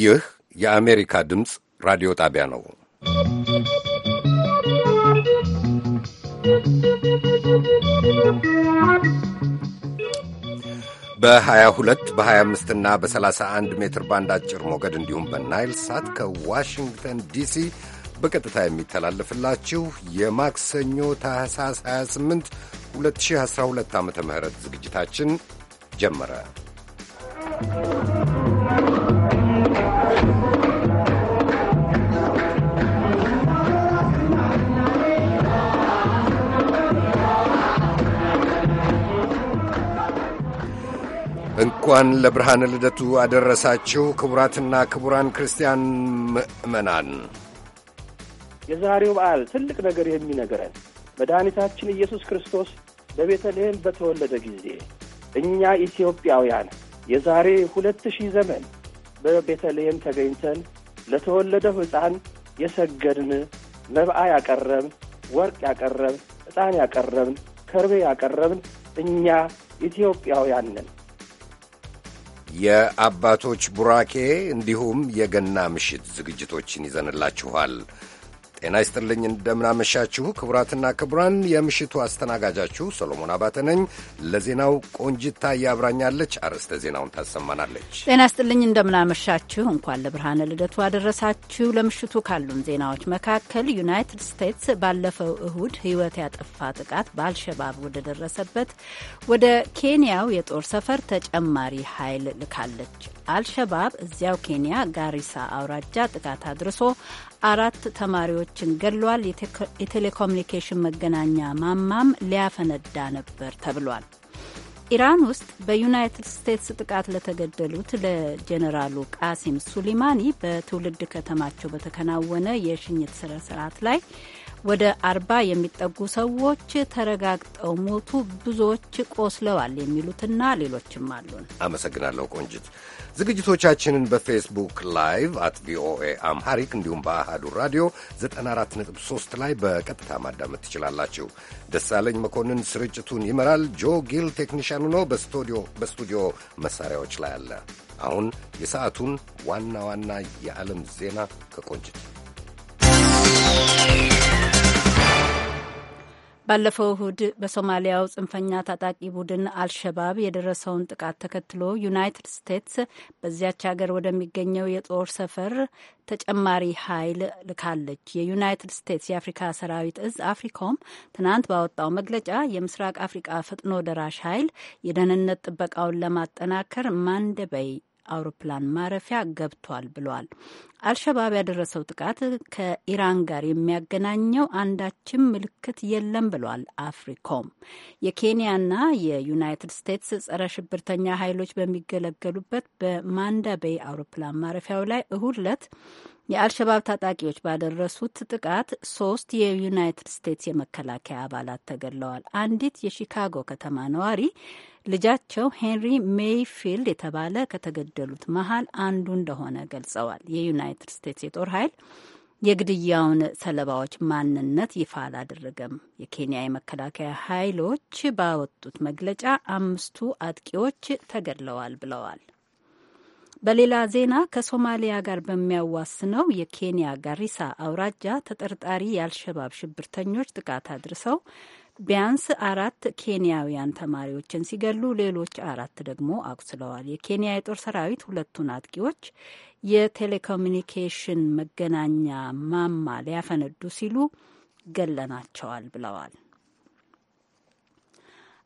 ይህ የአሜሪካ ድምፅ ራዲዮ ጣቢያ ነው። በ22 በ25 እና በ31 ሜትር ባንድ አጭር ሞገድ እንዲሁም በናይል ሳት ከዋሽንግተን ዲሲ በቀጥታ የሚተላለፍላችሁ የማክሰኞ ታህሳስ 28 2012 ዓ ም ዝግጅታችን ጀመረ። እንኳን ለብርሃነ ልደቱ አደረሳችሁ ክቡራትና ክቡራን ክርስቲያን ምእመናን የዛሬው በዓል ትልቅ ነገር የሚነግረን መድኃኒታችን ኢየሱስ ክርስቶስ በቤተልሔም በተወለደ ጊዜ እኛ ኢትዮጵያውያን የዛሬ ሁለት ሺህ ዘመን በቤተልሔም ተገኝተን ለተወለደው ሕፃን የሰገድን፣ መብአ ያቀረብን፣ ወርቅ ያቀረብን፣ ዕጣን ያቀረብን፣ ከርቤ ያቀረብን እኛ ኢትዮጵያውያን ነን። የአባቶች ቡራኬ እንዲሁም የገና ምሽት ዝግጅቶችን ይዘንላችኋል። ጤና ይስጥልኝ እንደምናመሻችሁ ክቡራትና ክቡራን፣ የምሽቱ አስተናጋጃችሁ ሰሎሞን አባተ ነኝ። ለዜናው ቆንጅታ እያብራኛለች። አርዕስተ ዜናውን ታሰማናለች። ጤና ይስጥልኝ እንደምናመሻችሁ። እንኳን ለብርሃነ ልደቱ አደረሳችሁ። ለምሽቱ ካሉን ዜናዎች መካከል ዩናይትድ ስቴትስ ባለፈው እሁድ ሕይወት ያጠፋ ጥቃት በአልሸባብ ወደ ደረሰበት ወደ ኬንያው የጦር ሰፈር ተጨማሪ ኃይል ልካለች። አልሸባብ እዚያው ኬንያ ጋሪሳ አውራጃ ጥቃት አድርሶ አራት ተማሪዎችን ገድሏል። የቴሌኮሙኒኬሽን መገናኛ ማማም ሊያፈነዳ ነበር ተብሏል። ኢራን ውስጥ በዩናይትድ ስቴትስ ጥቃት ለተገደሉት ለጀኔራሉ ቃሲም ሱሊማኒ በትውልድ ከተማቸው በተከናወነ የሽኝት ስነ ስርዓት ላይ ወደ አርባ የሚጠጉ ሰዎች ተረጋግጠው ሞቱ፣ ብዙዎች ቆስለዋል የሚሉትና ሌሎችም አሉን። አመሰግናለሁ ቆንጅት። ዝግጅቶቻችንን በፌስቡክ ላይቭ አት ቪኦኤ አምሃሪክ እንዲሁም በአሃዱ ራዲዮ 94.3 ላይ በቀጥታ ማዳመጥ ትችላላችሁ። ደሳለኝ መኮንን ስርጭቱን ይመራል። ጆ ጊል ቴክኒሽያን ሆኖ በስቱዲዮ መሳሪያዎች ላይ አለ። አሁን የሰዓቱን ዋና ዋና የዓለም ዜና ከቆንጅት ባለፈው እሁድ በሶማሊያው ጽንፈኛ ታጣቂ ቡድን አልሸባብ የደረሰውን ጥቃት ተከትሎ ዩናይትድ ስቴትስ በዚያች ሀገር ወደሚገኘው የጦር ሰፈር ተጨማሪ ኃይል ልካለች። የዩናይትድ ስቴትስ የአፍሪካ ሰራዊት እዝ አፍሪኮም ትናንት ባወጣው መግለጫ የምስራቅ አፍሪቃ ፈጥኖ ደራሽ ኃይል የደህንነት ጥበቃውን ለማጠናከር ማንደበይ አውሮፕላን ማረፊያ ገብቷል ብሏል። አልሸባብ ያደረሰው ጥቃት ከኢራን ጋር የሚያገናኘው አንዳችም ምልክት የለም ብሏል አፍሪኮም። የኬንያና የዩናይትድ ስቴትስ ጸረ ሽብርተኛ ኃይሎች በሚገለገሉበት በማንዳ አውሮፕላን ማረፊያው ላይ እሁድ ዕለት የአልሸባብ ታጣቂዎች ባደረሱት ጥቃት ሶስት የዩናይትድ ስቴትስ የመከላከያ አባላት ተገድለዋል። አንዲት የሺካጎ ከተማ ነዋሪ ልጃቸው ሄንሪ ሜይፊልድ የተባለ ከተገደሉት መሀል አንዱ እንደሆነ ገልጸዋል። የዩናይትድ ስቴትስ የጦር ኃይል የግድያውን ሰለባዎች ማንነት ይፋ አላደረገም። የኬንያ የመከላከያ ኃይሎች ባወጡት መግለጫ አምስቱ አጥቂዎች ተገድለዋል ብለዋል። በሌላ ዜና ከሶማሊያ ጋር በሚያዋስነው የኬንያ ጋሪሳ አውራጃ ተጠርጣሪ የአልሸባብ ሽብርተኞች ጥቃት አድርሰው ቢያንስ አራት ኬንያውያን ተማሪዎችን ሲገሉ ሌሎች አራት ደግሞ አቁስለዋል። የኬንያ የጦር ሰራዊት ሁለቱን አጥቂዎች የቴሌኮሚኒኬሽን መገናኛ ማማ ሊያፈነዱ ሲሉ ገለናቸዋል ብለዋል።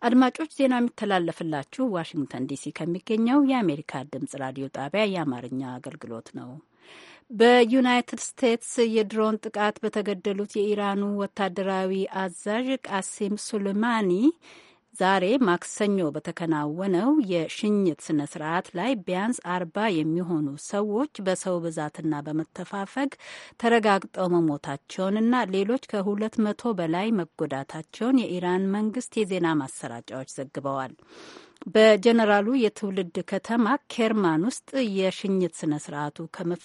አድማጮች ዜና የሚተላለፍላችሁ ዋሽንግተን ዲሲ ከሚገኘው የአሜሪካ ድምጽ ራዲዮ ጣቢያ የአማርኛ አገልግሎት ነው። በዩናይትድ ስቴትስ የድሮን ጥቃት በተገደሉት የኢራኑ ወታደራዊ አዛዥ ቃሲም ሱሌማኒ ዛሬ ማክሰኞ በተከናወነው የሽኝት ስነ ስርዓት ላይ ቢያንስ አርባ የሚሆኑ ሰዎች በሰው ብዛትና በመተፋፈግ ተረጋግጠው መሞታቸውንና ሌሎች ከሁለት መቶ በላይ መጎዳታቸውን የኢራን መንግስት የዜና ማሰራጫዎች ዘግበዋል። በጀነራሉ የትውልድ ከተማ ኬርማን ውስጥ የሽኝት ስነ ስርዓቱ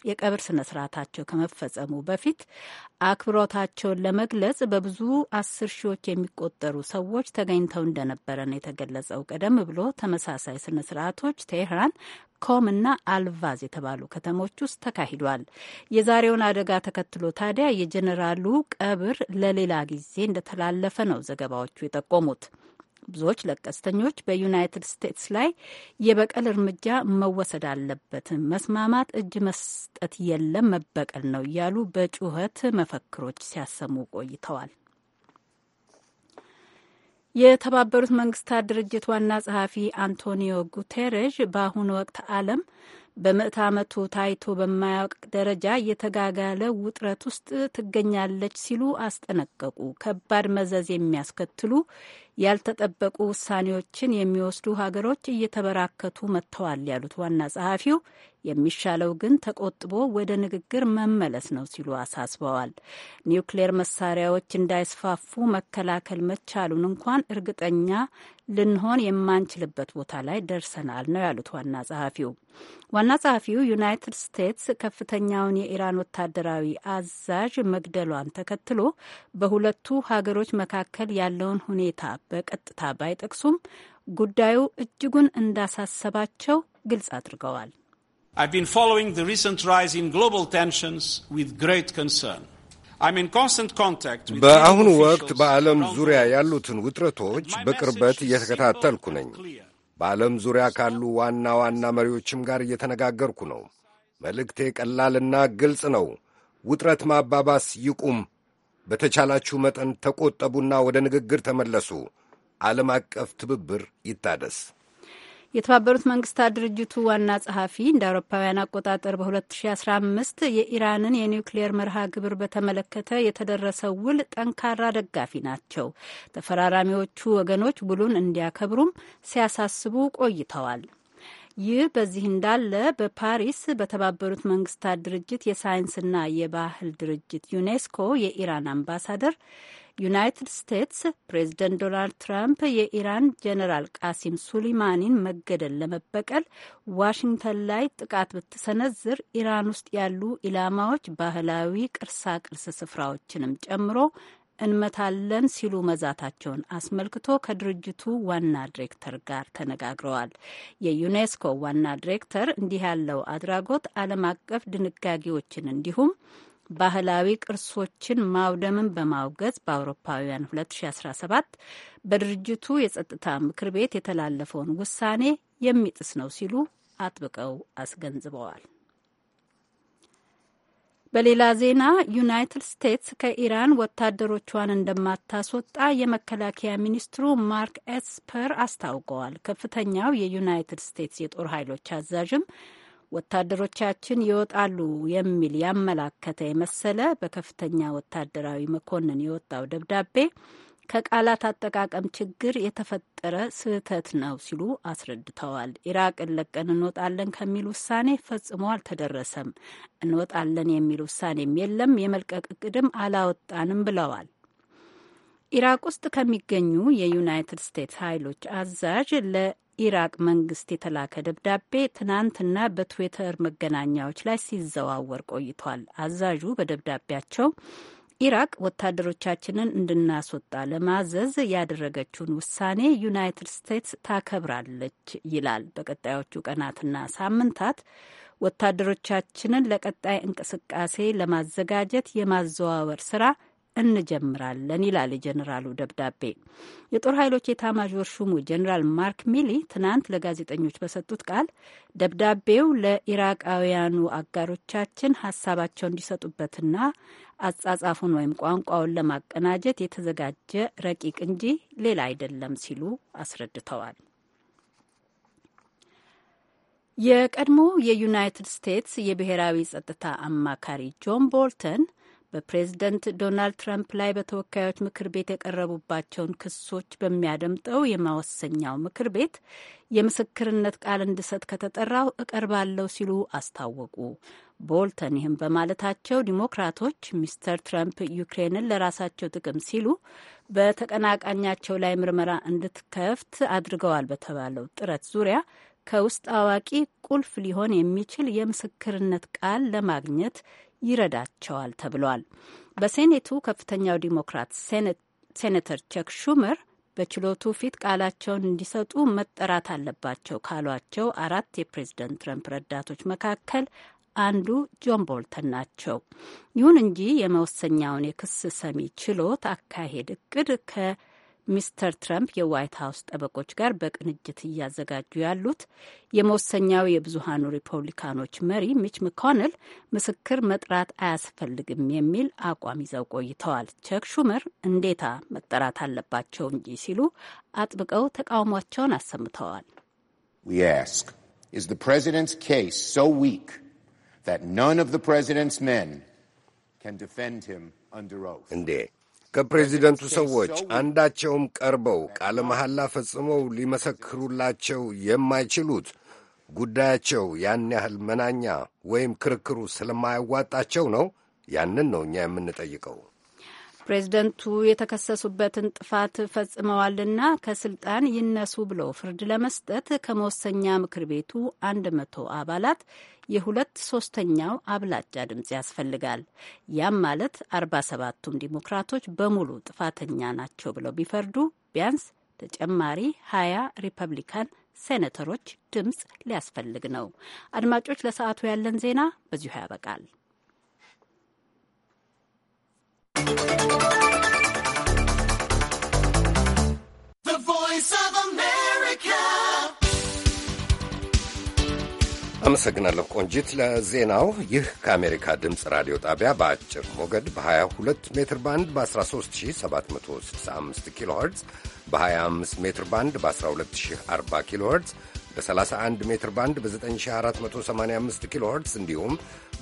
የቀብር ስነ ስርዓታቸው ከመፈጸሙ በፊት አክብሮታቸውን ለመግለጽ በብዙ አስር ሺዎች የሚቆጠሩ ሰዎች ተገኝተው እንደነበረ ነው የተገለጸው። ቀደም ብሎ ተመሳሳይ ስነ ስርዓቶች ቴህራን ኮም እና አልቫዝ የተባሉ ከተሞች ውስጥ ተካሂዷል። የዛሬውን አደጋ ተከትሎ ታዲያ የጀኔራሉ ቀብር ለሌላ ጊዜ እንደተላለፈ ነው ዘገባዎቹ የጠቆሙት። ብዙዎች ለቀስተኞች በዩናይትድ ስቴትስ ላይ የበቀል እርምጃ መወሰድ አለበት፣ መስማማት እጅ መስጠት የለም፣ መበቀል ነው እያሉ በጩኸት መፈክሮች ሲያሰሙ ቆይተዋል። የተባበሩት መንግስታት ድርጅት ዋና ጸሐፊ አንቶኒዮ ጉቴሬዥ በአሁኑ ወቅት ዓለም በምዕት ዓመቱ ታይቶ በማያውቅ ደረጃ የተጋጋለ ውጥረት ውስጥ ትገኛለች ሲሉ አስጠነቀቁ። ከባድ መዘዝ የሚያስከትሉ ያልተጠበቁ ውሳኔዎችን የሚወስዱ ሀገሮች እየተበራከቱ መጥተዋል ያሉት ዋና ጸሐፊው የሚሻለው ግን ተቆጥቦ ወደ ንግግር መመለስ ነው ሲሉ አሳስበዋል። ኒውክሌር መሳሪያዎች እንዳይስፋፉ መከላከል መቻሉን እንኳን እርግጠኛ ልንሆን የማንችልበት ቦታ ላይ ደርሰናል ነው ያሉት ዋና ጸሐፊው። ዋና ጸሐፊው ዩናይትድ ስቴትስ ከፍተኛውን የኢራን ወታደራዊ አዛዥ መግደሏን ተከትሎ በሁለቱ ሀገሮች መካከል ያለውን ሁኔታ በቀጥታ ባይጠቅሱም ጉዳዩ እጅጉን እንዳሳሰባቸው ግልጽ አድርገዋል። በአሁኑ ወቅት በዓለም ዙሪያ ያሉትን ውጥረቶች በቅርበት እየተከታተልኩ ነኝ። በዓለም ዙሪያ ካሉ ዋና ዋና መሪዎችም ጋር እየተነጋገርኩ ነው። መልእክቴ ቀላልና ግልጽ ነው። ውጥረት ማባባስ ይቁም በተቻላችሁ መጠን ተቆጠቡና ወደ ንግግር ተመለሱ። ዓለም አቀፍ ትብብር ይታደስ። የተባበሩት መንግስታት ድርጅቱ ዋና ጸሐፊ እንደ አውሮፓውያን አቆጣጠር በ2015 የኢራንን የኒውክሌየር መርሃ ግብር በተመለከተ የተደረሰ ውል ጠንካራ ደጋፊ ናቸው። ተፈራራሚዎቹ ወገኖች ውሉን እንዲያከብሩም ሲያሳስቡ ቆይተዋል። ይህ በዚህ እንዳለ በፓሪስ በተባበሩት መንግስታት ድርጅት የሳይንስና የባህል ድርጅት ዩኔስኮ የኢራን አምባሳደር ዩናይትድ ስቴትስ ፕሬዝደንት ዶናልድ ትራምፕ የኢራን ጀነራል ቃሲም ሱሊማኒን መገደል ለመበቀል ዋሽንግተን ላይ ጥቃት ብትሰነዝር ኢራን ውስጥ ያሉ ኢላማዎች ባህላዊ ቅርሳቅርስ ስፍራዎችንም ጨምሮ እንመታለን ሲሉ መዛታቸውን አስመልክቶ ከድርጅቱ ዋና ዲሬክተር ጋር ተነጋግረዋል። የዩኔስኮ ዋና ዲሬክተር እንዲህ ያለው አድራጎት ዓለም አቀፍ ድንጋጌዎችን እንዲሁም ባህላዊ ቅርሶችን ማውደምን በማውገዝ በአውሮፓውያን 2017 በድርጅቱ የጸጥታ ምክር ቤት የተላለፈውን ውሳኔ የሚጥስ ነው ሲሉ አጥብቀው አስገንዝበዋል። በሌላ ዜና ዩናይትድ ስቴትስ ከኢራን ወታደሮቿን እንደማታስወጣ የመከላከያ ሚኒስትሩ ማርክ ኤስፐር አስታውቀዋል። ከፍተኛው የዩናይትድ ስቴትስ የጦር ኃይሎች አዛዥም ወታደሮቻችን ይወጣሉ የሚል ያመላከተ የመሰለ በከፍተኛ ወታደራዊ መኮንን የወጣው ደብዳቤ ከቃላት አጠቃቀም ችግር የተፈጠረ ስህተት ነው ሲሉ አስረድተዋል። ኢራቅን ለቀን እንወጣለን ከሚል ውሳኔ ፈጽሞ አልተደረሰም። እንወጣለን የሚል ውሳኔም የለም፣ የመልቀቅ እቅድም አላወጣንም ብለዋል። ኢራቅ ውስጥ ከሚገኙ የዩናይትድ ስቴትስ ኃይሎች አዛዥ ለኢራቅ መንግስት የተላከ ደብዳቤ ትናንትና በትዊተር መገናኛዎች ላይ ሲዘዋወር ቆይቷል። አዛዡ በደብዳቤያቸው ኢራቅ ወታደሮቻችንን እንድናስወጣ ለማዘዝ ያደረገችውን ውሳኔ ዩናይትድ ስቴትስ ታከብራለች ይላል። በቀጣዮቹ ቀናትና ሳምንታት ወታደሮቻችንን ለቀጣይ እንቅስቃሴ ለማዘጋጀት የማዘዋወር ስራ እንጀምራለን ይላል የጀኔራሉ ደብዳቤ። የጦር ኃይሎች የታማዦር ሹሙ ጀኔራል ማርክ ሚሊ ትናንት ለጋዜጠኞች በሰጡት ቃል ደብዳቤው ለኢራቃውያኑ አጋሮቻችን ሀሳባቸው እንዲሰጡበትና አጻጻፉን ወይም ቋንቋውን ለማቀናጀት የተዘጋጀ ረቂቅ እንጂ ሌላ አይደለም ሲሉ አስረድተዋል። የቀድሞ የዩናይትድ ስቴትስ የብሔራዊ ጸጥታ አማካሪ ጆን ቦልተን በፕሬዝደንት ዶናልድ ትራምፕ ላይ በተወካዮች ምክር ቤት የቀረቡባቸውን ክሶች በሚያደምጠው የመወሰኛው ምክር ቤት የምስክርነት ቃል እንድሰጥ ከተጠራው እቀርባለሁ ሲሉ አስታወቁ። ቦልተን ይህም በማለታቸው ዲሞክራቶች ሚስተር ትራምፕ ዩክሬንን ለራሳቸው ጥቅም ሲሉ በተቀናቃኛቸው ላይ ምርመራ እንድትከፍት አድርገዋል በተባለው ጥረት ዙሪያ ከውስጥ አዋቂ ቁልፍ ሊሆን የሚችል የምስክርነት ቃል ለማግኘት ይረዳቸዋል ተብሏል። በሴኔቱ ከፍተኛው ዲሞክራት ሴኔተር ቸክ ሹመር በችሎቱ ፊት ቃላቸውን እንዲሰጡ መጠራት አለባቸው ካሏቸው አራት የፕሬዝደንት ትረምፕ ረዳቶች መካከል አንዱ ጆን ቦልተን ናቸው። ይሁን እንጂ የመወሰኛውን የክስ ሰሚ ችሎት አካሄድ እቅድ ከ ሚስተር ትራምፕ የዋይት ሀውስ ጠበቆች ጋር በቅንጅት እያዘጋጁ ያሉት የመወሰኛው የብዙሀኑ ሪፐብሊካኖች መሪ ሚች መኮንል ምስክር መጥራት አያስፈልግም የሚል አቋም ይዘው ቆይተዋል። ቸክ ሹመር እንዴታ መጠራት አለባቸው እንጂ ሲሉ አጥብቀው ተቃውሟቸውን አሰምተዋል። እንዴ ከፕሬዚደንቱ ሰዎች አንዳቸውም ቀርበው ቃለ መሐላ ፈጽመው ሊመሰክሩላቸው የማይችሉት ጉዳያቸው ያን ያህል መናኛ ወይም ክርክሩ ስለማያዋጣቸው ነው። ያንን ነው እኛ የምንጠይቀው። ፕሬዚደንቱ የተከሰሱበትን ጥፋት ፈጽመዋልና ከስልጣን ይነሱ ብለው ፍርድ ለመስጠት ከመወሰኛ ምክር ቤቱ አንድ መቶ አባላት የሁለት ሶስተኛው አብላጫ ድምፅ ያስፈልጋል። ያም ማለት አርባ ሰባቱም ዲሞክራቶች በሙሉ ጥፋተኛ ናቸው ብለው ቢፈርዱ ቢያንስ ተጨማሪ ሀያ ሪፐብሊካን ሴኔተሮች ድምፅ ሊያስፈልግ ነው። አድማጮች፣ ለሰዓቱ ያለን ዜና በዚሁ ያበቃል። አመሰግናለሁ ቆንጂት ለዜናው። ይህ ከአሜሪካ ድምፅ ራዲዮ ጣቢያ በአጭር ሞገድ በ22 ሜትር ባንድ በ13765 ኪሎ በ25 ሜትር ባንድ በ1240 ኪሎ በ31 ሜትር ባንድ በ9485 ኪሎ እንዲሁም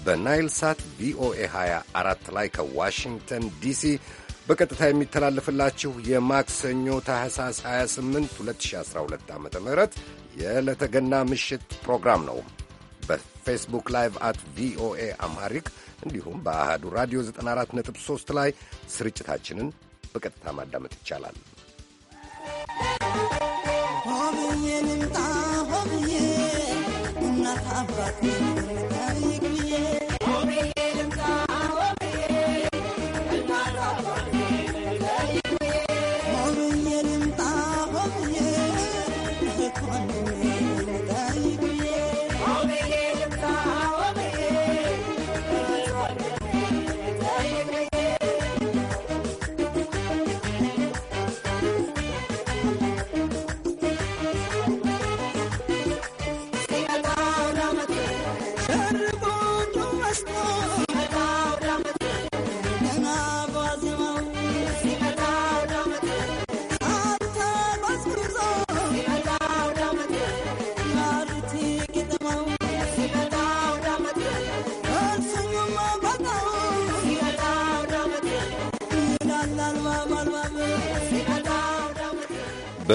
በናይል ሳት ቪኦኤ 24 ላይ ከዋሽንግተን ዲሲ በቀጥታ የሚተላለፍላችሁ የማክሰኞ ታህሳስ 28 2012 ዓ ም የዕለተ ገና ምሽት ፕሮግራም ነው። ፌስቡክ ላይቭ አት ቪኦኤ አምሃሪክ እንዲሁም በአህዱ ራዲዮ 94.3 ላይ ስርጭታችንን በቀጥታ ማዳመጥ ይቻላል። ሆብዬ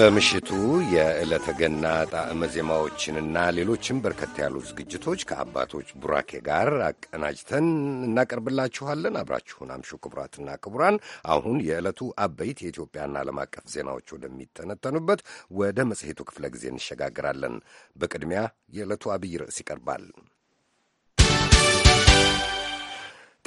በምሽቱ የዕለተ ገና ጣዕመ ዜማዎችንና ሌሎችም በርከት ያሉ ዝግጅቶች ከአባቶች ቡራኬ ጋር አቀናጅተን እናቀርብላችኋለን። አብራችሁን አምሹ። ክቡራትና ክቡራን፣ አሁን የዕለቱ አበይት የኢትዮጵያና ዓለም አቀፍ ዜናዎች ወደሚተነተኑበት ወደ መጽሔቱ ክፍለ ጊዜ እንሸጋግራለን። በቅድሚያ የዕለቱ አብይ ርዕስ ይቀርባል።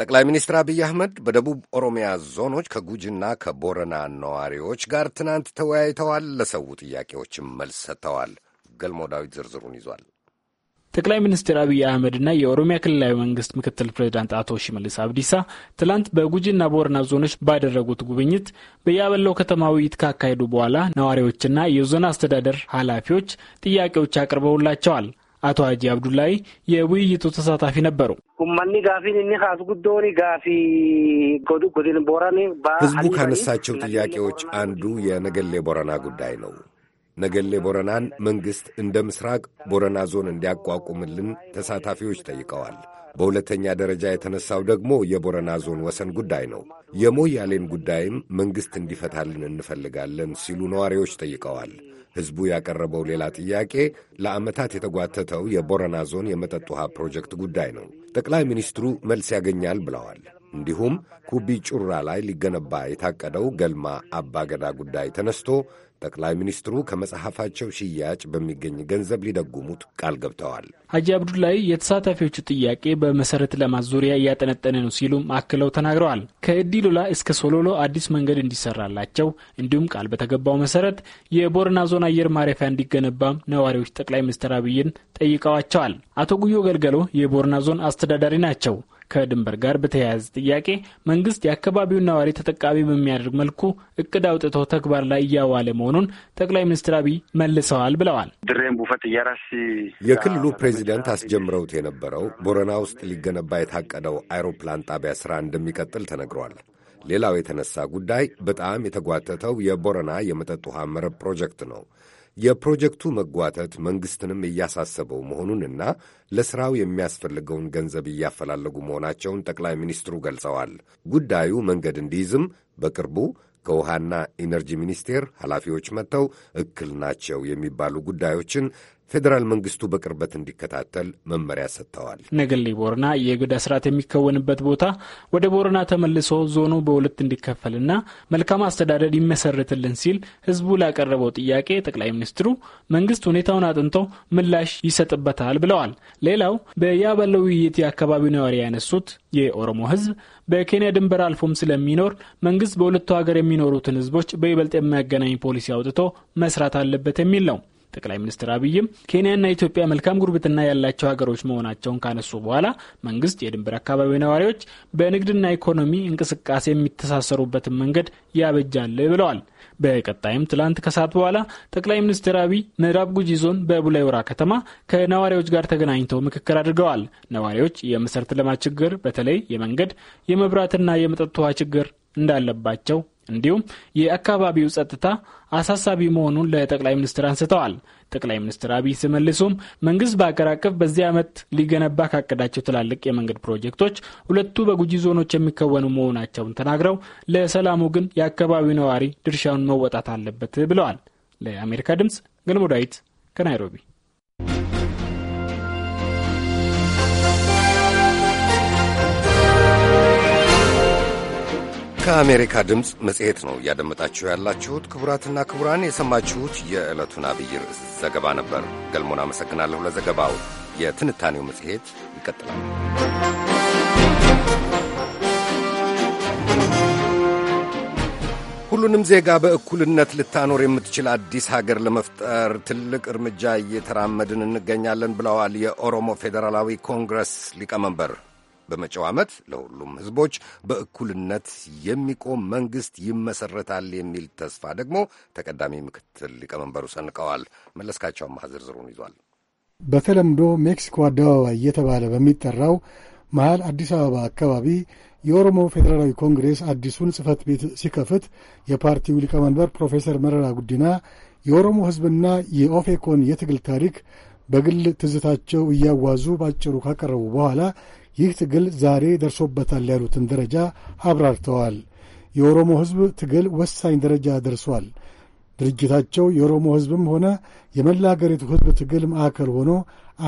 ጠቅላይ ሚኒስትር አብይ አህመድ በደቡብ ኦሮሚያ ዞኖች ከጉጂና ከቦረና ነዋሪዎች ጋር ትናንት ተወያይተዋል። ለሰው ጥያቄዎችም መልስ ሰጥተዋል። ገልሞ ዳዊት ዝርዝሩን ይዟል። ጠቅላይ ሚኒስትር አብይ አህመድና የኦሮሚያ ክልላዊ መንግስት ምክትል ፕሬዚዳንት አቶ ሽመልስ አብዲሳ ትላንት በጉጂና ቦረና ዞኖች ባደረጉት ጉብኝት በያበለው ከተማ ውይይት ካካሄዱ በኋላ ነዋሪዎችና የዞን አስተዳደር ኃላፊዎች ጥያቄዎች አቅርበውላቸዋል። አቶ ሀጂ አብዱላይ የውይይቱ ተሳታፊ ነበሩ። ህዝቡ ካነሳቸው ጥያቄዎች አንዱ የነገሌ ቦረና ጉዳይ ነው። ነገሌ ቦረናን መንግሥት እንደ ምስራቅ ቦረና ዞን እንዲያቋቁምልን ተሳታፊዎች ጠይቀዋል። በሁለተኛ ደረጃ የተነሳው ደግሞ የቦረና ዞን ወሰን ጉዳይ ነው። የሞያሌን ጉዳይም መንግሥት እንዲፈታልን እንፈልጋለን ሲሉ ነዋሪዎች ጠይቀዋል። ሕዝቡ ያቀረበው ሌላ ጥያቄ ለዓመታት የተጓተተው የቦረና ዞን የመጠጥ ውሃ ፕሮጀክት ጉዳይ ነው። ጠቅላይ ሚኒስትሩ መልስ ያገኛል ብለዋል። እንዲሁም ኩቢ ጩራ ላይ ሊገነባ የታቀደው ገልማ አባገዳ ጉዳይ ተነስቶ ጠቅላይ ሚኒስትሩ ከመጽሐፋቸው ሽያጭ በሚገኝ ገንዘብ ሊደጉሙት ቃል ገብተዋል። ሀጂ አብዱላይ የተሳታፊዎቹ ጥያቄ በመሰረተ ልማት ዙሪያ እያጠነጠነ ነው ሲሉም አክለው ተናግረዋል። ከእዲሉላ እስከ ሶሎሎ አዲስ መንገድ እንዲሰራላቸው እንዲሁም ቃል በተገባው መሰረት የቦረና ዞን አየር ማረፊያ እንዲገነባም ነዋሪዎች ጠቅላይ ሚኒስትር አብይን ጠይቀዋቸዋል። አቶ ጉዮ ገልገሎ የቦረና ዞን አስተዳዳሪ ናቸው። ከድንበር ጋር በተያያዘ ጥያቄ መንግስት የአካባቢውን ነዋሪ ተጠቃሚ በሚያደርግ መልኩ እቅድ አውጥቶ ተግባር ላይ እያዋለ መሆኑን ጠቅላይ ሚኒስትር አብይ መልሰዋል ብለዋል። የክልሉ ፕሬዚደንት አስጀምረውት የነበረው ቦረና ውስጥ ሊገነባ የታቀደው አይሮፕላን ጣቢያ ስራ እንደሚቀጥል ተነግሯል። ሌላው የተነሳ ጉዳይ በጣም የተጓተተው የቦረና የመጠጥ ውሃ መረብ ፕሮጀክት ነው። የፕሮጀክቱ መጓተት መንግሥትንም እያሳሰበው መሆኑንና ለሥራው የሚያስፈልገውን ገንዘብ እያፈላለጉ መሆናቸውን ጠቅላይ ሚኒስትሩ ገልጸዋል። ጉዳዩ መንገድ እንዲይዝም በቅርቡ ከውሃና ኢነርጂ ሚኒስቴር ኃላፊዎች መጥተው እክል ናቸው የሚባሉ ጉዳዮችን ፌዴራል መንግስቱ በቅርበት እንዲከታተል መመሪያ ሰጥተዋል። ነገሌ ቦረና የእገዳ ስርዓት የሚከወንበት ቦታ ወደ ቦረና ተመልሶ ዞኑ በሁለት እንዲከፈልና መልካም አስተዳደር ይመሰረትልን ሲል ህዝቡ ላቀረበው ጥያቄ ጠቅላይ ሚኒስትሩ መንግስት ሁኔታውን አጥንቶ ምላሽ ይሰጥበታል ብለዋል። ሌላው በያበለው ውይይት የአካባቢው ነዋሪ ያነሱት የኦሮሞ ህዝብ በኬንያ ድንበር አልፎም ስለሚኖር መንግስት በሁለቱ ሀገር የሚኖሩትን ህዝቦች በይበልጥ የሚያገናኝ ፖሊሲ አውጥቶ መስራት አለበት የሚል ነው። ጠቅላይ ሚኒስትር አብይም ኬንያና ኢትዮጵያ መልካም ጉርብትና ያላቸው ሀገሮች መሆናቸውን ካነሱ በኋላ መንግስት የድንበር አካባቢ ነዋሪዎች በንግድና ኢኮኖሚ እንቅስቃሴ የሚተሳሰሩበትን መንገድ ያበጃል ብለዋል። በቀጣይም ትላንት ከሰዓት በኋላ ጠቅላይ ሚኒስትር አብይ ምዕራብ ጉጂ ዞን በቡላይ ሆራ ከተማ ከነዋሪዎች ጋር ተገናኝተው ምክክር አድርገዋል። ነዋሪዎች የመሰረተ ልማት ችግር በተለይ የመንገድ የመብራትና የመጠጥ ውሃ ችግር እንዳለባቸው እንዲሁም የአካባቢው ጸጥታ አሳሳቢ መሆኑን ለጠቅላይ ሚኒስትር አንስተዋል። ጠቅላይ ሚኒስትር አብይ ሲመልሱም መንግስት በአገር አቀፍ በዚህ ዓመት ሊገነባ ካቀዳቸው ትላልቅ የመንገድ ፕሮጀክቶች ሁለቱ በጉጂ ዞኖች የሚከወኑ መሆናቸውን ተናግረው ለሰላሙ ግን የአካባቢው ነዋሪ ድርሻውን መወጣት አለበት ብለዋል። ለአሜሪካ ድምፅ ገልሞ ዳዊት ከናይሮቢ ከአሜሪካ ድምፅ መጽሔት ነው እያደመጣችሁ ያላችሁት። ክቡራትና ክቡራን የሰማችሁት የዕለቱን አብይ ርዕስ ዘገባ ነበር። ገልሞን አመሰግናለሁ ለዘገባው። የትንታኔው መጽሔት ይቀጥላል። ሁሉንም ዜጋ በእኩልነት ልታኖር የምትችል አዲስ ሀገር ለመፍጠር ትልቅ እርምጃ እየተራመድን እንገኛለን ብለዋል የኦሮሞ ፌዴራላዊ ኮንግረስ ሊቀመንበር በመጪው ዓመት ለሁሉም ሕዝቦች በእኩልነት የሚቆም መንግሥት ይመሠረታል የሚል ተስፋ ደግሞ ተቀዳሚ ምክትል ሊቀመንበሩ ሰንቀዋል። መለስካቸው አማረ ዝርዝሩን ይዟል። በተለምዶ ሜክሲኮ አደባባይ እየተባለ በሚጠራው መሀል አዲስ አበባ አካባቢ የኦሮሞ ፌዴራላዊ ኮንግሬስ አዲሱን ጽህፈት ቤት ሲከፍት የፓርቲው ሊቀመንበር ፕሮፌሰር መረራ ጉዲና የኦሮሞ ሕዝብና የኦፌኮን የትግል ታሪክ በግል ትዝታቸው እያዋዙ ባጭሩ ካቀረቡ በኋላ ይህ ትግል ዛሬ ደርሶበታል ያሉትን ደረጃ አብራርተዋል። የኦሮሞ ሕዝብ ትግል ወሳኝ ደረጃ ደርሷል። ድርጅታቸው የኦሮሞ ሕዝብም ሆነ የመላ አገሪቱ ሕዝብ ትግል ማዕከል ሆኖ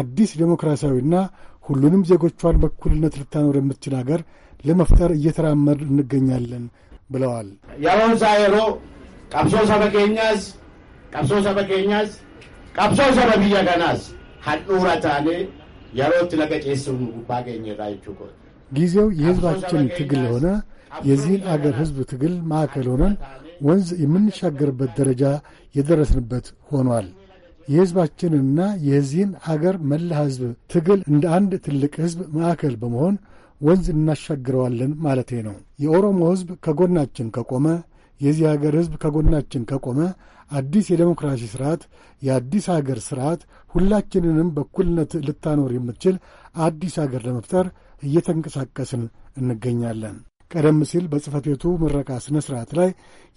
አዲስ ዴሞክራሲያዊና ሁሉንም ዜጎቿን በእኩልነት ልታኖር የምትችል አገር ለመፍጠር እየተራመድ እንገኛለን ብለዋል። የሮንሳ ሳሄሮ ቀብሶ ሰበኬኛዝ ቀብሶ ሰበኬኛዝ ቀብሶ ሰበብያ ገናዝ ሀዱረታኔ yerootti laga ceessuun gubbaa ጊዜው የህዝባችን ትግል ሆነ የዚህን አገር ህዝብ ትግል ማዕከል ሆነን ወንዝ የምንሻገርበት ደረጃ የደረስንበት ሆኗል። የህዝባችንና የዚህን አገር መላ ሕዝብ ትግል እንደ አንድ ትልቅ ሕዝብ ማዕከል በመሆን ወንዝ እናሻግረዋለን ማለቴ ነው። የኦሮሞ ሕዝብ ከጎናችን ከቆመ፣ የዚህ አገር ሕዝብ ከጎናችን ከቆመ አዲስ የዴሞክራሲ ስርዓት፣ የአዲስ አገር ስርዓት ሁላችንንም በኩልነት ልታኖር የምትችል አዲስ አገር ለመፍጠር እየተንቀሳቀስን እንገኛለን። ቀደም ሲል በጽህፈት ቤቱ ምረቃ ስነ ስርዓት ላይ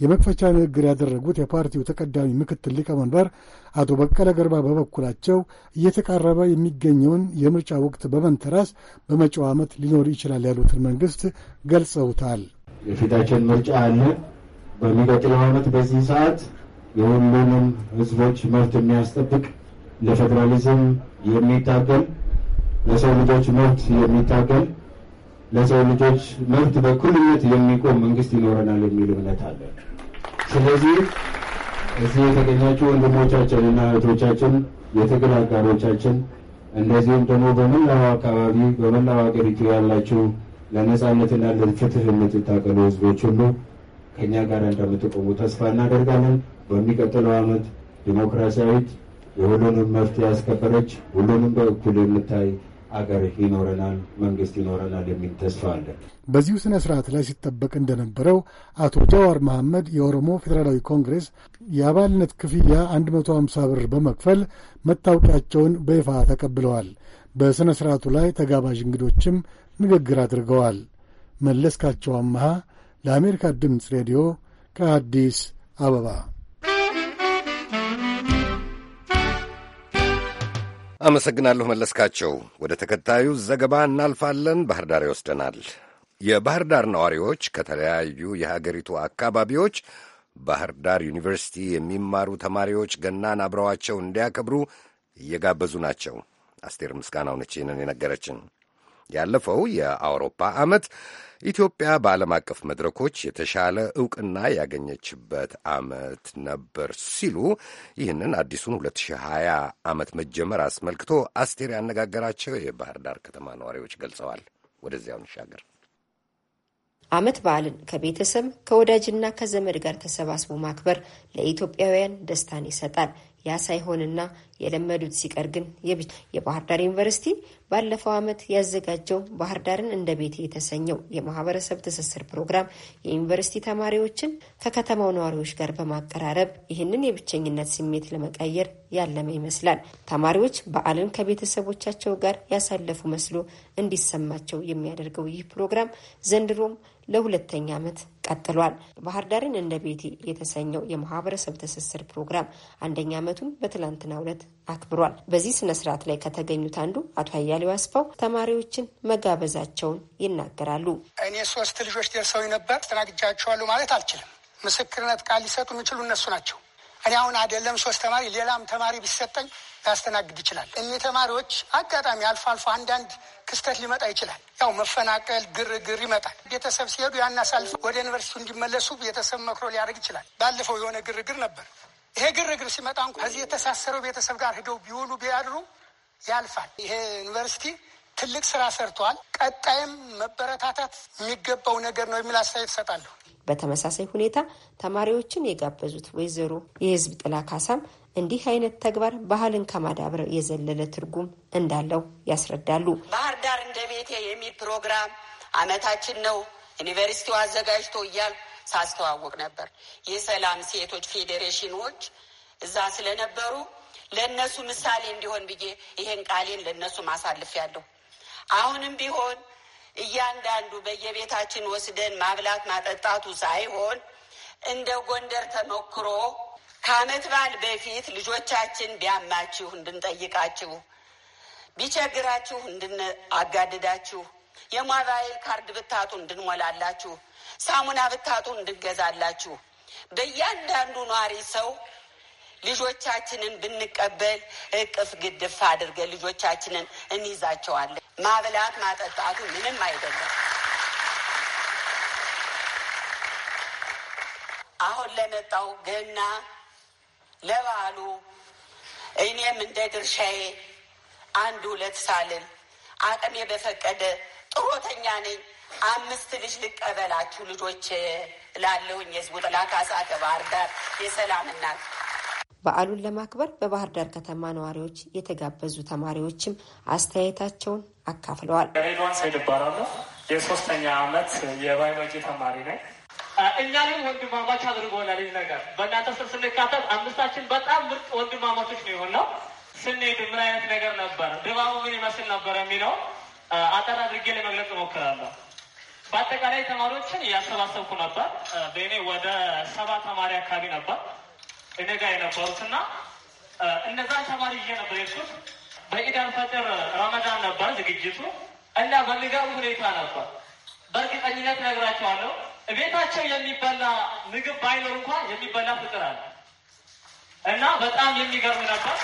የመክፈቻ ንግግር ያደረጉት የፓርቲው ተቀዳሚ ምክትል ሊቀመንበር አቶ በቀለ ገርባ በበኩላቸው እየተቃረበ የሚገኘውን የምርጫ ወቅት በመንተራስ በመጪው ዓመት ሊኖር ይችላል ያሉትን መንግስት ገልጸውታል። የፊታችን ምርጫ አለ። በሚቀጥለው ዓመት በዚህ ሰዓት የሁሉንም ህዝቦች መብት የሚያስጠብቅ ለፌዴራሊዝም የሚታገል ለሰው ልጆች መብት የሚታገል ለሰው ልጆች መብት በኩልነት የሚቆም መንግስት ይኖረናል የሚል እምነት አለ። ስለዚህ እዚህ የተገኛችሁ ወንድሞቻችንና እህቶቻችን፣ የትግል አጋሮቻችን እንደዚሁም ደግሞ በመላው አካባቢ በመላው ሀገሪቱ ያላችሁ ለነፃነትና ለፍትህ የምትታገሉ ህዝቦች ሁሉ ከእኛ ጋር እንደምትቆሙ ተስፋ እናደርጋለን። በሚቀጥለው ዓመት ዲሞክራሲያዊት የሁሉንም መፍትሄ ያስከበረች ሁሉንም በእኩል የምታይ አገር ይኖረናል፣ መንግስት ይኖረናል የሚል ተስፋ አለ። በዚሁ ስነ ስርዓት ላይ ሲጠበቅ እንደነበረው አቶ ጃዋር መሐመድ የኦሮሞ ፌዴራላዊ ኮንግሬስ የአባልነት ክፍያ 150 ብር በመክፈል መታወቂያቸውን በይፋ ተቀብለዋል። በሥነ ሥርዓቱ ላይ ተጋባዥ እንግዶችም ንግግር አድርገዋል። መለስካቸው አመሃ ለአሜሪካ ድምፅ ሬዲዮ ከአዲስ አበባ አመሰግናለሁ መለስካቸው። ወደ ተከታዩ ዘገባ እናልፋለን። ባህር ዳር ይወስደናል። የባህር ዳር ነዋሪዎች ከተለያዩ የሀገሪቱ አካባቢዎች ባህር ዳር ዩኒቨርሲቲ የሚማሩ ተማሪዎች ገናን አብረዋቸው እንዲያከብሩ እየጋበዙ ናቸው። አስቴር ምስጋናው ነች ይህንን የነገረችን። ያለፈው የአውሮፓ ዓመት ኢትዮጵያ በዓለም አቀፍ መድረኮች የተሻለ ዕውቅና ያገኘችበት ዓመት ነበር ሲሉ ይህንን አዲሱን 2020 ዓመት መጀመር አስመልክቶ አስቴር ያነጋገራቸው የባህር ዳር ከተማ ነዋሪዎች ገልጸዋል። ወደዚያው እንሻገር። ዓመት በዓልን ከቤተሰብ ከወዳጅና ከዘመድ ጋር ተሰባስቦ ማክበር ለኢትዮጵያውያን ደስታን ይሰጣል። ያ ሳይሆንና የለመዱት ሲቀር ግን የባህር ዳር ዩኒቨርሲቲ ባለፈው ዓመት ያዘጋጀው ባህር ዳርን እንደ ቤት የተሰኘው የማህበረሰብ ትስስር ፕሮግራም የዩኒቨርሲቲ ተማሪዎችን ከከተማው ነዋሪዎች ጋር በማቀራረብ ይህንን የብቸኝነት ስሜት ለመቀየር ያለመ ይመስላል። ተማሪዎች በዓልን ከቤተሰቦቻቸው ጋር ያሳለፉ መስሎ እንዲሰማቸው የሚያደርገው ይህ ፕሮግራም ዘንድሮም ለሁለተኛ ዓመት ቀጥሏል። ባህር ዳርን እንደ ቤቴ የተሰኘው የማህበረሰብ ትስስር ፕሮግራም አንደኛ ዓመቱን በትላንትናው ዕለት አክብሯል። በዚህ ስነ ስርዓት ላይ ከተገኙት አንዱ አቶ አያሌው አስፋው ተማሪዎችን መጋበዛቸውን ይናገራሉ። እኔ ሶስት ልጆች ደርሰው ነበር። አስተናግጃቸዋለሁ ማለት አልችልም። ምስክርነት ቃል ሊሰጡ የሚችሉ እነሱ ናቸው። እኔ አሁን አይደለም ሶስት ተማሪ ሌላም ተማሪ ቢሰጠኝ ሊያስተናግድ ይችላል። እኚህ ተማሪዎች አጋጣሚ አልፎ አልፎ አንዳንድ ክስተት ሊመጣ ይችላል። ያው መፈናቀል፣ ግርግር ይመጣል። ቤተሰብ ሲሄዱ ያን አሳልፍ ወደ ዩኒቨርሲቲ እንዲመለሱ ቤተሰብ መክሮ ሊያደርግ ይችላል። ባለፈው የሆነ ግርግር ነበር። ይሄ ግርግር ሲመጣ እንኳ ከዚህ የተሳሰረው ቤተሰብ ጋር ሂደው ቢውሉ ቢያድሩ ያልፋል። ይሄ ዩኒቨርሲቲ ትልቅ ስራ ሰርቷል። ቀጣይም መበረታታት የሚገባው ነገር ነው የሚል አስተያየት እሰጣለሁ። በተመሳሳይ ሁኔታ ተማሪዎችን የጋበዙት ወይዘሮ የህዝብ ጥላ ካሳም እንዲህ አይነት ተግባር ባህልን ከማዳበር የዘለለ ትርጉም እንዳለው ያስረዳሉ። ባህር ዳር እንደ ቤቴ የሚል ፕሮግራም አመታችን ነው ዩኒቨርሲቲው አዘጋጅቶ እያል ሳስተዋወቅ ነበር። የሰላም ሴቶች ፌዴሬሽኖች እዛ ስለነበሩ ለእነሱ ምሳሌ እንዲሆን ብዬ ይሄን ቃሌን ለእነሱ ማሳልፍ ያለሁ አሁንም ቢሆን እያንዳንዱ በየቤታችን ወስደን ማብላት ማጠጣቱ ሳይሆን እንደ ጎንደር ተሞክሮ ከዓመት በዓል በፊት ልጆቻችን ቢያማችሁ እንድንጠይቃችሁ፣ ቢቸግራችሁ እንድንአጋድዳችሁ፣ የሞባይል ካርድ ብታጡ እንድንሞላላችሁ፣ ሳሙና ብታጡ እንድንገዛላችሁ፣ በእያንዳንዱ ኗሪ ሰው ልጆቻችንን ብንቀበል እቅፍ ግድፍ አድርገን ልጆቻችንን እንይዛቸዋለን። ማብላት ማጠጣቱ ምንም አይደለም። አሁን ለመጣው ገና ለበዓሉ እኔም እንደ ድርሻዬ አንድ ሁለት ሳልን አቅሜ በፈቀደ ጥሮተኛ ነኝ። አምስት ልጅ ልቀበላችሁ ልጆች ላለሁኝ የህዝቡ ጥላ ካሳ ከባህር ዳር የሰላም እናት በዓሉን ለማክበር በባህር ዳር ከተማ ነዋሪዎች የተጋበዙ ተማሪዎችም አስተያየታቸውን አካፍለዋል። ሬድዋን ሰይድ እባላለሁ። የሶስተኛ አመት የባዮሎጂ ተማሪ ነኝ። እኛንም ወንድማማች አድርጎናል። ይህ ነገር በእናንተ ስር ስንካተት አምስታችን በጣም ምርጥ ወንድማማቾች ነው የሆነው። ስንሄድ ምን አይነት ነገር ነበር፣ ድባቡ ምን ይመስል ነበር የሚለው አጠር አድርጌ ለመግለጽ እሞክራለሁ። በአጠቃላይ ተማሪዎችን እያሰባሰብኩ ነበር። በእኔ ወደ ሰባ ተማሪ አካባቢ ነበር እኔ ጋር የነበሩት እና እነዛን ተማሪ ይዤ ነበር የሱስ በኢዳን ፈጥር ረመዳን ነበር ዝግጅቱ እና በሚገርም ሁኔታ ነበር። በእርግጠኝነት ነግራቸዋለሁ። ቤታቸው የሚበላ ምግብ ባይኖር እንኳን የሚበላ ፍቅር አለ እና በጣም የሚገርም ነበር።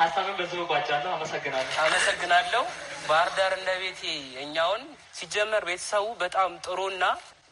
ሀሳብን በዚሁ ጓጃለሁ። አመሰግናለሁ። አመሰግናለሁ። ባህር ዳር እንደ ቤቴ እኛውን ሲጀመር ቤተሰቡ በጣም ጥሩና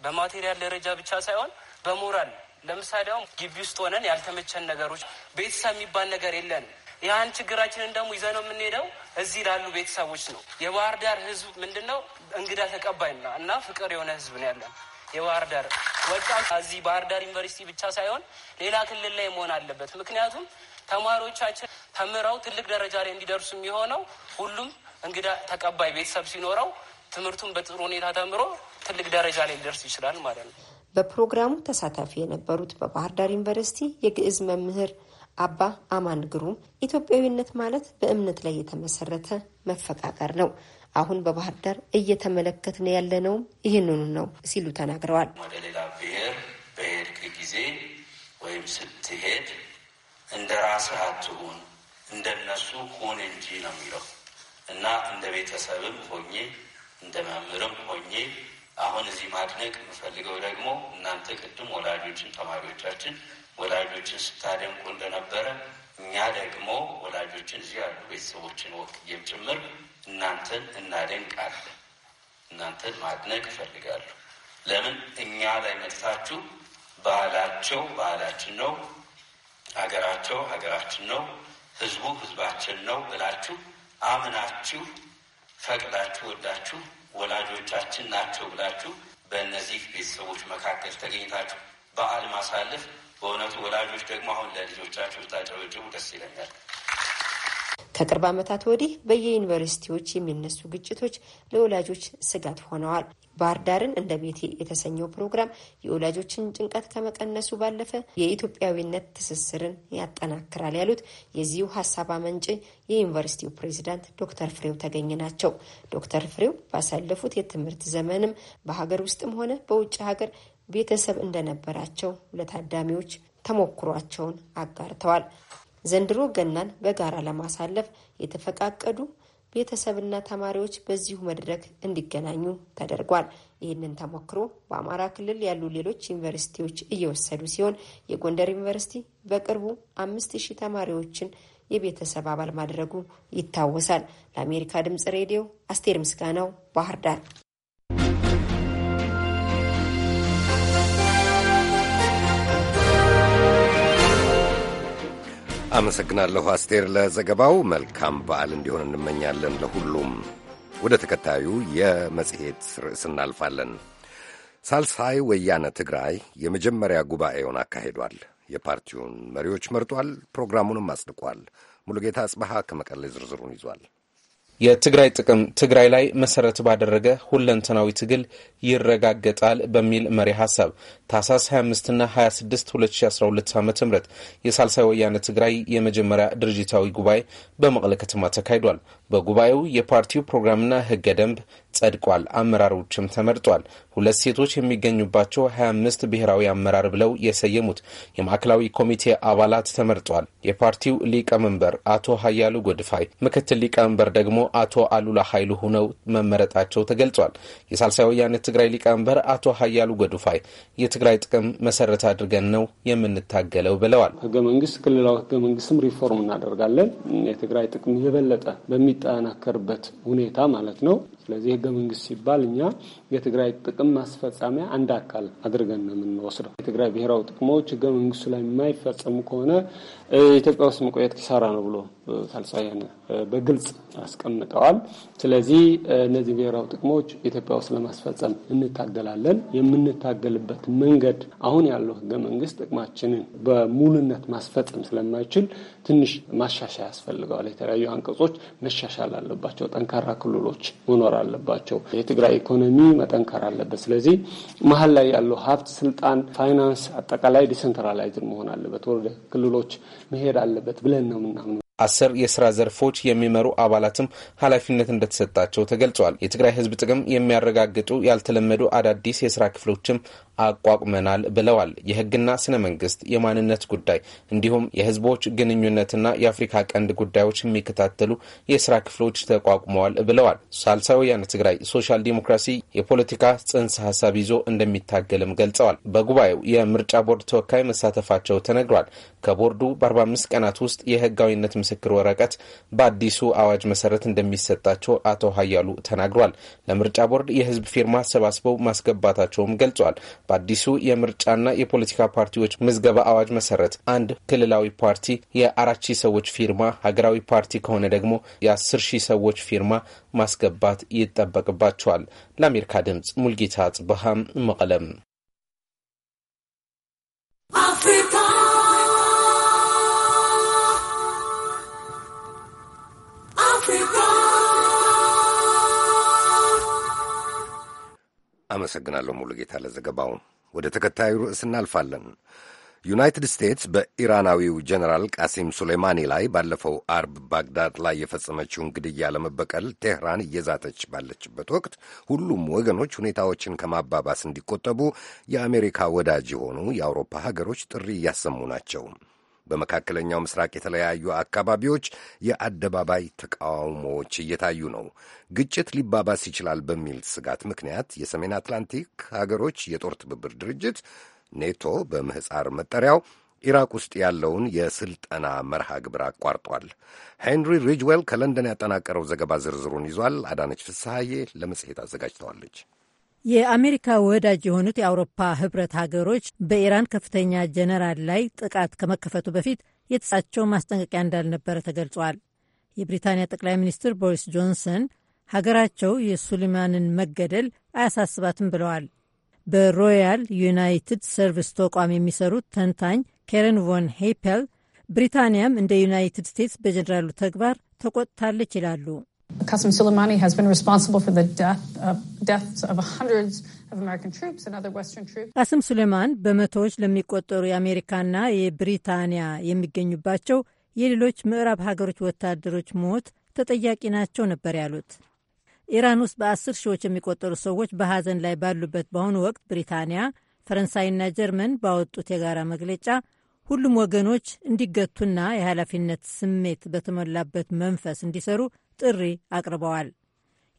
በማቴሪያል ደረጃ ብቻ ሳይሆን በሞራል ለምሳሌ አሁን ግቢ ውስጥ ሆነን ያልተመቸን ነገሮች ቤተሰብ የሚባል ነገር የለንም። ያን ችግራችንን ደግሞ ይዘ ነው የምንሄደው እዚህ ላሉ ቤተሰቦች ነው። የባህር ዳር ህዝብ ምንድን ነው እንግዳ ተቀባይና እና ፍቅር የሆነ ህዝብ ነው ያለን። የባህር ዳር ወጣት እዚህ ባህር ዳር ዩኒቨርሲቲ ብቻ ሳይሆን ሌላ ክልል ላይ መሆን አለበት። ምክንያቱም ተማሪዎቻችን ተምረው ትልቅ ደረጃ ላይ እንዲደርሱ የሚሆነው ሁሉም እንግዳ ተቀባይ ቤተሰብ ሲኖረው ትምህርቱን በጥሩ ሁኔታ ተምሮ ትልቅ ደረጃ ላይ ሊደርስ ይችላል ማለት ነው። በፕሮግራሙ ተሳታፊ የነበሩት በባህር ዳር ዩኒቨርሲቲ የግዕዝ መምህር አባ አማን ግሩም ኢትዮጵያዊነት ማለት በእምነት ላይ የተመሰረተ መፈቃቀር ነው። አሁን በባህር ዳር እየተመለከትን ያለነውም ይህንኑ ነው ሲሉ ተናግረዋል። ወደ ሌላ ብሔር በሄድክ ጊዜ ወይም ስትሄድ እንደ ራስህ አትሁን፣ እንደነሱ ሁን እንጂ ነው የሚለው እና እንደ ቤተሰብም ሆኜ እንደ መምህርም ሆኜ አሁን እዚህ ማድነቅ የምፈልገው ደግሞ እናንተ ቅድም ወላጆችን ተማሪዎቻችን ወላጆችን ስታደንቁ እንደነበረ እኛ ደግሞ ወላጆችን እዚህ ያሉ ቤተሰቦችን ወክዬም ጭምር እናንተን እናደንቃለን። እናንተን ማድነቅ እፈልጋለሁ። ለምን እኛ ላይ መጥታችሁ ባህላቸው ባህላችን ነው፣ ሀገራቸው ሀገራችን ነው፣ ህዝቡ ህዝባችን ነው ብላችሁ አምናችሁ ፈቅዳችሁ ወዳችሁ ወላጆቻችን ናቸው ብላችሁ በእነዚህ ቤተሰቦች መካከል ተገኝታችሁ በዓል ማሳለፍ በእውነቱ ወላጆች ደግሞ አሁን ለልጆቻችሁ ታጨበጭቡ ደስ ይለኛል። ከቅርብ ዓመታት ወዲህ በየዩኒቨርሲቲዎች የሚነሱ ግጭቶች ለወላጆች ስጋት ሆነዋል። ባህር ዳርን እንደ ቤቴ የተሰኘው ፕሮግራም የወላጆችን ጭንቀት ከመቀነሱ ባለፈ የኢትዮጵያዊነት ትስስርን ያጠናክራል ያሉት የዚሁ ሀሳብ አመንጭ የዩኒቨርሲቲው ፕሬዚዳንት ዶክተር ፍሬው ተገኝ ናቸው። ዶክተር ፍሬው ባሳለፉት የትምህርት ዘመንም በሀገር ውስጥም ሆነ በውጭ ሀገር ቤተሰብ እንደነበራቸው ለታዳሚዎች ተሞክሯቸውን አጋርተዋል። ዘንድሮ ገናን በጋራ ለማሳለፍ የተፈቃቀዱ ቤተሰብና ተማሪዎች በዚሁ መድረክ እንዲገናኙ ተደርጓል። ይህንን ተሞክሮ በአማራ ክልል ያሉ ሌሎች ዩኒቨርሲቲዎች እየወሰዱ ሲሆን የጎንደር ዩኒቨርሲቲ በቅርቡ አምስት ሺህ ተማሪዎችን የቤተሰብ አባል ማድረጉ ይታወሳል። ለአሜሪካ ድምጽ ሬዲዮ አስቴር ምስጋናው ባህር ዳር አመሰግናለሁ አስቴር ለዘገባው። መልካም በዓል እንዲሆን እንመኛለን ለሁሉም። ወደ ተከታዩ የመጽሔት ርዕስ እናልፋለን። ሳልሳይ ወያነ ትግራይ የመጀመሪያ ጉባኤውን አካሂዷል። የፓርቲውን መሪዎች መርጧል፣ ፕሮግራሙንም አጽድቋል። ሙሉጌታ አጽበሃ ከመቀሌ ዝርዝሩን ይዟል። የትግራይ ጥቅም ትግራይ ላይ መሰረት ባደረገ ሁለንተናዊ ትግል ይረጋገጣል በሚል መሪ ሀሳብ ታህሳስ 25ና 26 2012 ዓ ም የሳልሳይ ወያነ ትግራይ የመጀመሪያ ድርጅታዊ ጉባኤ በመቀለ ከተማ ተካሂዷል። በጉባኤው የፓርቲው ፕሮግራምና ህገ ደንብ ጸድቋል። አመራሮችም ተመርጧል። ሁለት ሴቶች የሚገኙባቸው 25 ብሔራዊ አመራር ብለው የሰየሙት የማዕከላዊ ኮሚቴ አባላት ተመርጧል። የፓርቲው ሊቀመንበር አቶ ሀያሉ ጎድፋይ፣ ምክትል ሊቀመንበር ደግሞ አቶ አሉላ ኃይሉ ሆነው መመረጣቸው ተገልጿል። የሳልሳይ ወያነ ትግራይ ሊቀመንበር አቶ ሀያሉ ጎድፋይ የትግራይ ጥቅም መሰረት አድርገን ነው የምንታገለው ብለዋል። ህገ መንግስት ክልላዊ ህገ መንግስትም ሪፎርም እናደርጋለን የትግራይ ጥቅም የበለጠ በሚጠናከርበት ሁኔታ ማለት ነው። ስለዚህ ህገ መንግስት ሲባል እኛ የትግራይ ጥቅም ማስፈጻሚያ አንድ አካል አድርገን ነው የምንወስደው። የትግራይ ብሔራዊ ጥቅሞች ህገ መንግስቱ ላይ የማይፈጸሙ ከሆነ ኢትዮጵያ ውስጥ መቆየት ኪሳራ ነው ብሎ ታልሳያን በግልጽ አስቀምጠዋል። ስለዚህ እነዚህ ብሔራዊ ጥቅሞች ኢትዮጵያ ውስጥ ለማስፈጸም እንታገላለን። የምንታገልበት መንገድ አሁን ያለው ህገ መንግስት ጥቅማችንን በሙሉነት ማስፈጸም ስለማይችል ትንሽ ማሻሻያ ያስፈልገዋል። የተለያዩ አንቀጾች መሻሻል አለባቸው። ጠንካራ ክልሎች መኖር አለባቸው። የትግራይ ኢኮኖሚ መጠንከር አለበት። ስለዚህ መሀል ላይ ያለው ሀብት፣ ስልጣን፣ ፋይናንስ አጠቃላይ ዲሰንትራላይዝድ መሆን አለበት፣ ወደ ክልሎች መሄድ አለበት ብለን ነው ምናምን አስር የስራ ዘርፎች የሚመሩ አባላትም ኃላፊነት እንደተሰጣቸው ተገልጿል። የትግራይ ሕዝብ ጥቅም የሚያረጋግጡ ያልተለመዱ አዳዲስ የስራ ክፍሎችም አቋቁመናል ብለዋል። የህግና ስነ መንግስት፣ የማንነት ጉዳይ እንዲሁም የህዝቦች ግንኙነትና የአፍሪካ ቀንድ ጉዳዮች የሚከታተሉ የስራ ክፍሎች ተቋቁመዋል ብለዋል። ሳልሳይ ወያነ ትግራይ ሶሻል ዲሞክራሲ የፖለቲካ ጽንሰ ሀሳብ ይዞ እንደሚታገልም ገልጸዋል። በጉባኤው የምርጫ ቦርድ ተወካይ መሳተፋቸው ተነግሯል። ከቦርዱ በ45 ቀናት ውስጥ የህጋዊነት ምስክር ወረቀት በአዲሱ አዋጅ መሰረት እንደሚሰጣቸው አቶ ሀያሉ ተናግሯል። ለምርጫ ቦርድ የህዝብ ፊርማ አሰባስበው ማስገባታቸውም ገልጿል። በአዲሱ የምርጫና የፖለቲካ ፓርቲዎች ምዝገባ አዋጅ መሰረት አንድ ክልላዊ ፓርቲ የአራት ሺህ ሰዎች ፊርማ፣ ሀገራዊ ፓርቲ ከሆነ ደግሞ የአስር ሺህ ሰዎች ፊርማ ማስገባት ይጠበቅባቸዋል። ለአሜሪካ ድምፅ ሙልጌታ ጽበሃም መቀለም አመሰግናለሁ ሙሉጌታ ለዘገባው። ወደ ተከታዩ ርዕስ እናልፋለን። ዩናይትድ ስቴትስ በኢራናዊው ጀኔራል ቃሲም ሱሌማኒ ላይ ባለፈው አርብ ባግዳድ ላይ የፈጸመችውን ግድያ ለመበቀል ቴህራን እየዛተች ባለችበት ወቅት ሁሉም ወገኖች ሁኔታዎችን ከማባባስ እንዲቆጠቡ የአሜሪካ ወዳጅ የሆኑ የአውሮፓ ሀገሮች ጥሪ እያሰሙ ናቸው። በመካከለኛው ምስራቅ የተለያዩ አካባቢዎች የአደባባይ ተቃውሞዎች እየታዩ ነው። ግጭት ሊባባስ ይችላል በሚል ስጋት ምክንያት የሰሜን አትላንቲክ ሀገሮች የጦር ትብብር ድርጅት ኔቶ በምህፃር መጠሪያው ኢራቅ ውስጥ ያለውን የስልጠና መርሃ ግብር አቋርጧል። ሄንሪ ሪጅዌል ከለንደን ያጠናቀረው ዘገባ ዝርዝሩን ይዟል። አዳነች ፍስሐዬ ለመጽሔት አዘጋጅተዋለች። የአሜሪካ ወዳጅ የሆኑት የአውሮፓ ህብረት ሀገሮች በኢራን ከፍተኛ ጀነራል ላይ ጥቃት ከመከፈቱ በፊት የተሳቸው ማስጠንቀቂያ እንዳልነበረ ተገልጿል። የብሪታንያ ጠቅላይ ሚኒስትር ቦሪስ ጆንሰን ሀገራቸው የሱሊማንን መገደል አያሳስባትም ብለዋል። በሮያል ዩናይትድ ሰርቪስ ተቋም የሚሰሩት ተንታኝ ኬረን ቮን ሄፐል ብሪታንያም እንደ ዩናይትድ ስቴትስ በጀነራሉ ተግባር ተቆጥታለች ይላሉ። Qasem Soleimani has been responsible for the death of, uh, deaths of hundreds of American troops and other Western troops. ቃስም ሱሌማን በመቶዎች ለሚቆጠሩ የአሜሪካና የብሪታንያ የሚገኙባቸው የሌሎች ምዕራብ ሀገሮች ወታደሮች ሞት ተጠያቂ ናቸው ነበር ያሉት። ኢራን ውስጥ በአስር ሺዎች የሚቆጠሩ ሰዎች በሐዘን ላይ ባሉበት በአሁኑ ወቅት ብሪታንያ፣ ፈረንሳይና ጀርመን ባወጡት የጋራ መግለጫ ሁሉም ወገኖች እንዲገቱና የኃላፊነት ስሜት በተሞላበት መንፈስ እንዲሰሩ ጥሪ አቅርበዋል።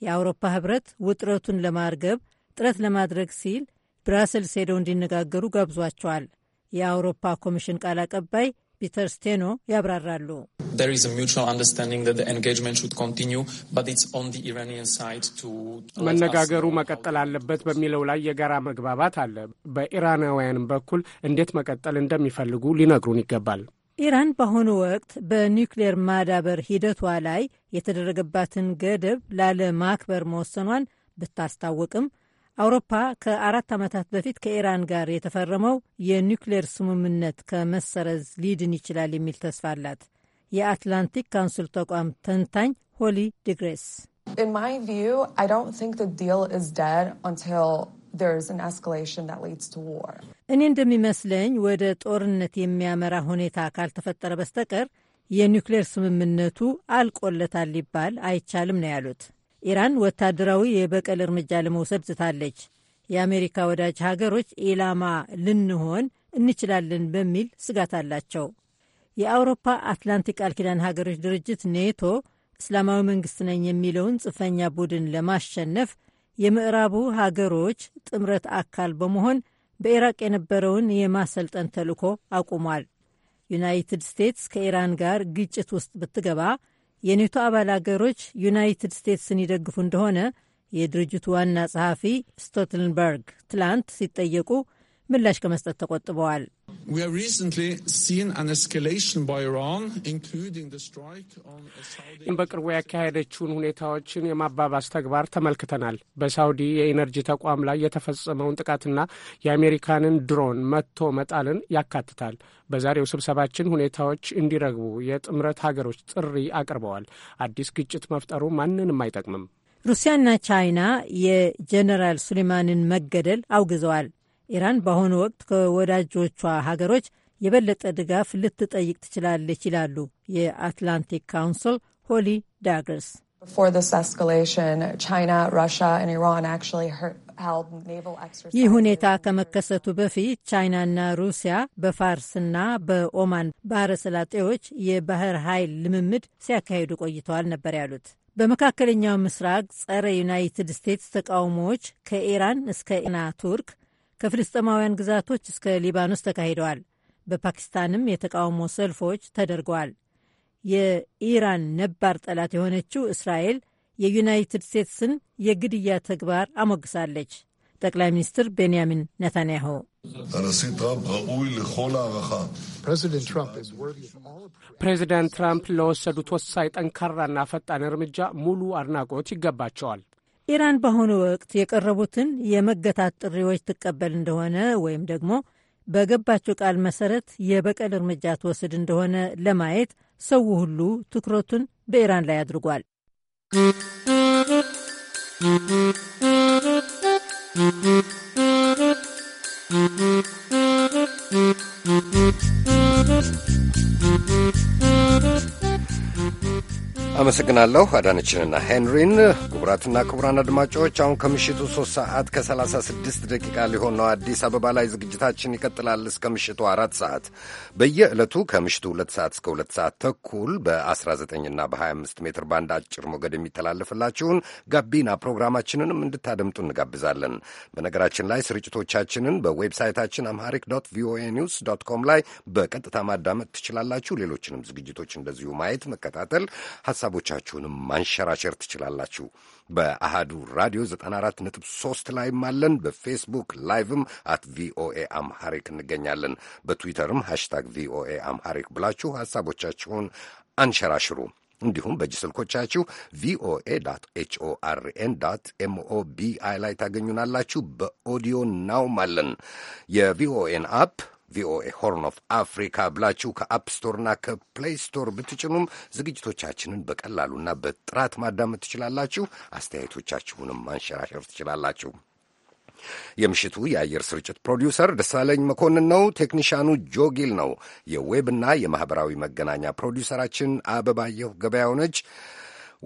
የአውሮፓ ህብረት ውጥረቱን ለማርገብ ጥረት ለማድረግ ሲል ብራሰልስ ሄደው እንዲነጋገሩ ጋብዟቸዋል። የአውሮፓ ኮሚሽን ቃል አቀባይ ፒተር ስቴኖ ያብራራሉ። መነጋገሩ መቀጠል አለበት በሚለው ላይ የጋራ መግባባት አለ። በኢራናውያንም በኩል እንዴት መቀጠል እንደሚፈልጉ ሊነግሩን ይገባል። ኢራን በአሁኑ ወቅት በኒውክሌር ማዳበር ሂደቷ ላይ የተደረገባትን ገደብ ላለማክበር መወሰኗን ብታስታውቅም አውሮፓ ከአራት ዓመታት በፊት ከኢራን ጋር የተፈረመው የኒውክሌር ስምምነት ከመሰረዝ ሊድን ይችላል የሚል ተስፋ አላት። የአትላንቲክ ካውንስል ተቋም ተንታኝ ሆሊ ዲግሬስ እኔ እንደሚመስለኝ ወደ ጦርነት የሚያመራ ሁኔታ ካልተፈጠረ በስተቀር የኒውክሌር ስምምነቱ አልቆለታል ሊባል አይቻልም ነው ያሉት። ኢራን ወታደራዊ የበቀል እርምጃ ለመውሰድ ዝታለች። የአሜሪካ ወዳጅ ሀገሮች ኢላማ ልንሆን እንችላለን በሚል ስጋት አላቸው። የአውሮፓ አትላንቲክ ቃል ኪዳን ሀገሮች ድርጅት ኔቶ እስላማዊ መንግስት ነኝ የሚለውን ጽንፈኛ ቡድን ለማሸነፍ የምዕራቡ ሀገሮች ጥምረት አካል በመሆን በኢራቅ የነበረውን የማሰልጠን ተልዕኮ አቁሟል። ዩናይትድ ስቴትስ ከኢራን ጋር ግጭት ውስጥ ብትገባ የኔቶ አባል አገሮች ዩናይትድ ስቴትስን ይደግፉ እንደሆነ የድርጅቱ ዋና ጸሐፊ ስቶልተንበርግ ትላንት ሲጠየቁ ምላሽ ከመስጠት ተቆጥበዋል። በቅርቡ ያካሄደችውን ሁኔታዎችን የማባባስ ተግባር ተመልክተናል። በሳውዲ የኢነርጂ ተቋም ላይ የተፈጸመውን ጥቃትና የአሜሪካንን ድሮን መጥቶ መጣልን ያካትታል። በዛሬው ስብሰባችን ሁኔታዎች እንዲረግቡ የጥምረት ሀገሮች ጥሪ አቅርበዋል። አዲስ ግጭት መፍጠሩ ማንንም አይጠቅምም። ሩሲያና ቻይና የጀነራል ሱሌማንን መገደል አውግዘዋል። ኢራን በአሁኑ ወቅት ከወዳጆቿ ሀገሮች የበለጠ ድጋፍ ልትጠይቅ ትችላለች ይላሉ የአትላንቲክ ካውንስል ሆሊ ዳግርስ። ይህ ሁኔታ ከመከሰቱ በፊት ቻይናና ሩሲያ በፋርስና በኦማን ባህረ ሰላጤዎች የባህር ኃይል ልምምድ ሲያካሂዱ ቆይተዋል ነበር ያሉት። በመካከለኛው ምስራቅ ጸረ ዩናይትድ ስቴትስ ተቃውሞዎች ከኢራን እስከ ቱርክ ከፍልስጤማውያን ግዛቶች እስከ ሊባኖስ ተካሂደዋል። በፓኪስታንም የተቃውሞ ሰልፎች ተደርገዋል። የኢራን ነባር ጠላት የሆነችው እስራኤል የዩናይትድ ስቴትስን የግድያ ተግባር አሞግሳለች። ጠቅላይ ሚኒስትር ቤንያሚን ነታንያሁ ፕሬዚዳንት ትራምፕ ለወሰዱት ወሳኝ ጠንካራና ፈጣን እርምጃ ሙሉ አድናቆት ይገባቸዋል። ኢራን በአሁኑ ወቅት የቀረቡትን የመገታት ጥሪዎች ትቀበል እንደሆነ ወይም ደግሞ በገባቸው ቃል መሰረት የበቀል እርምጃ ትወስድ እንደሆነ ለማየት ሰው ሁሉ ትኩረቱን በኢራን ላይ አድርጓል። አመሰግናለሁ አዳነችንና ሄንሪን። ክቡራትና ክቡራን አድማጮች አሁን ከምሽቱ 3 ሰዓት ከ36 ደቂቃ ሊሆን ነው አዲስ አበባ ላይ። ዝግጅታችን ይቀጥላል እስከ ምሽቱ አራት ሰዓት በየዕለቱ ከምሽቱ 2 ሰዓት እስከ 2 ሰዓት ተኩል በ19ና በ25 ሜትር ባንድ አጭር ሞገድ የሚተላለፍላችሁን ጋቢና ፕሮግራማችንንም እንድታደምጡ እንጋብዛለን። በነገራችን ላይ ስርጭቶቻችንን በዌብሳይታችን አምሃሪክ ዶት ቪኦኤ ኒውስ ዶት ኮም ላይ በቀጥታ ማዳመጥ ትችላላችሁ። ሌሎችንም ዝግጅቶች እንደዚሁ ማየት መከታተል ሐሳቦቻችሁንም ማንሸራሸር ትችላላችሁ። በአሃዱ ራዲዮ 94.3 ላይም አለን። በፌስቡክ ላይቭም አት ቪኦኤ አምሃሪክ እንገኛለን። በትዊተርም ሃሽታግ ቪኦኤ አምሃሪክ ብላችሁ ሐሳቦቻችሁን አንሸራሽሩ። እንዲሁም በእጅ ስልኮቻችሁ ቪኦኤ ኤችኦአርኤን ኤምኦቢአይ ላይ ታገኙናላችሁ። በኦዲዮ ናውም አለን። የቪኦኤን አፕ ቪኦኤ ሆርን ኦፍ አፍሪካ ብላችሁ ከአፕስቶርና ከፕሌይ ስቶር ብትጭኑም ዝግጅቶቻችንን በቀላሉና በጥራት ማዳመጥ ትችላላችሁ። አስተያየቶቻችሁንም ማንሸራሸር ትችላላችሁ። የምሽቱ የአየር ስርጭት ፕሮዲውሰር ደሳለኝ መኮንን ነው። ቴክኒሻኑ ጆጊል ነው። የዌብና የማኅበራዊ መገናኛ ፕሮዲውሰራችን አበባየሁ ገበያው ነች።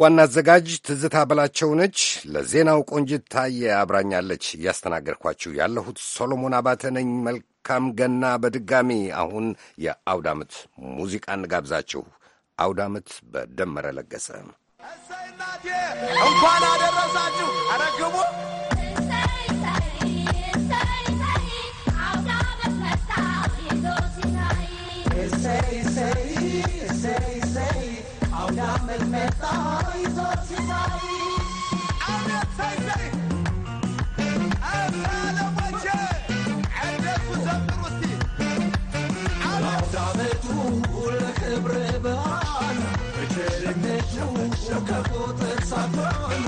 ዋና አዘጋጅ ትዝታ በላቸው ነች። ለዜናው ቆንጅት ታየ አብራኛለች። እያስተናገድኳችሁ ያለሁት ሶሎሞን አባተ ነኝ። መልካም ገና በድጋሚ አሁን የአውዳምት ሙዚቃ እንጋብዛችሁ። አውድ በደመረ ለገሰ እንኳን አደረሳችሁ አረግቡ say, say, say, say, I'll not make ቁጥር ሳትሆን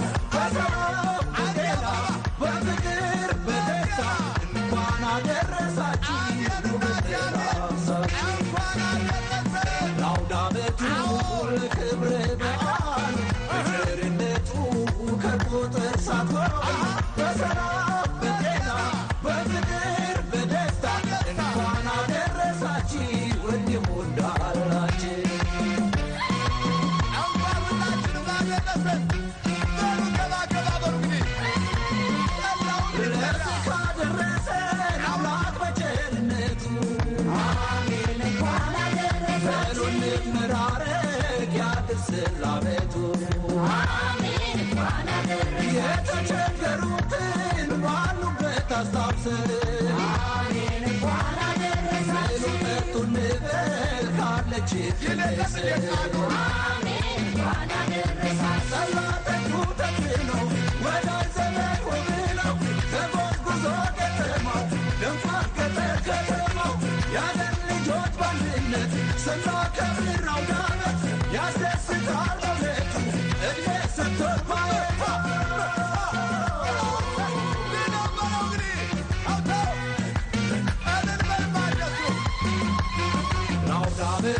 የተቸገሩትን ባሉበት አስታውሰን ምሉ ጠጡ ንበል ካለች ሰራተኙ ተክለው ወዳጅ ዘመድ ሆነው ተጓጉዞ ከተማው ደንፋር ገጠር ከተማው ያለን ልጆች ባንድነት ስናከብር አውዳመት ያስደስታል።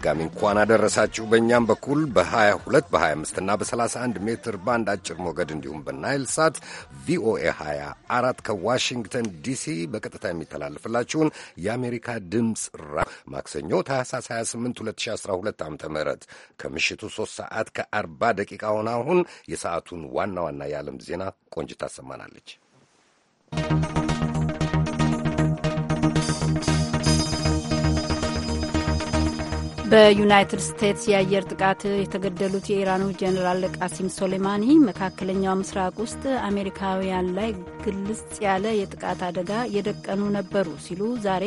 በድጋሚ እንኳን አደረሳችሁ። በእኛም በኩል በ22 በ25 እና በ31 ሜትር ባንድ አጭር ሞገድ እንዲሁም በናይል ሳት ቪኦኤ 24 ከዋሽንግተን ዲሲ በቀጥታ የሚተላልፍላችሁን የአሜሪካ ድምፅ ራ ማክሰኞ ታህሳስ 28 2012 ዓ ም ከምሽቱ 3 ሰዓት ከ40 ደቂቃ ሆነ። አሁን የሰዓቱን ዋና ዋና የዓለም ዜና ቆንጅት ታሰማናለች። በዩናይትድ ስቴትስ የአየር ጥቃት የተገደሉት የኢራኑ ጀኔራል ቃሲም ሶሌማኒ መካከለኛው ምስራቅ ውስጥ አሜሪካውያን ላይ ግልጽ ያለ የጥቃት አደጋ የደቀኑ ነበሩ ሲሉ ዛሬ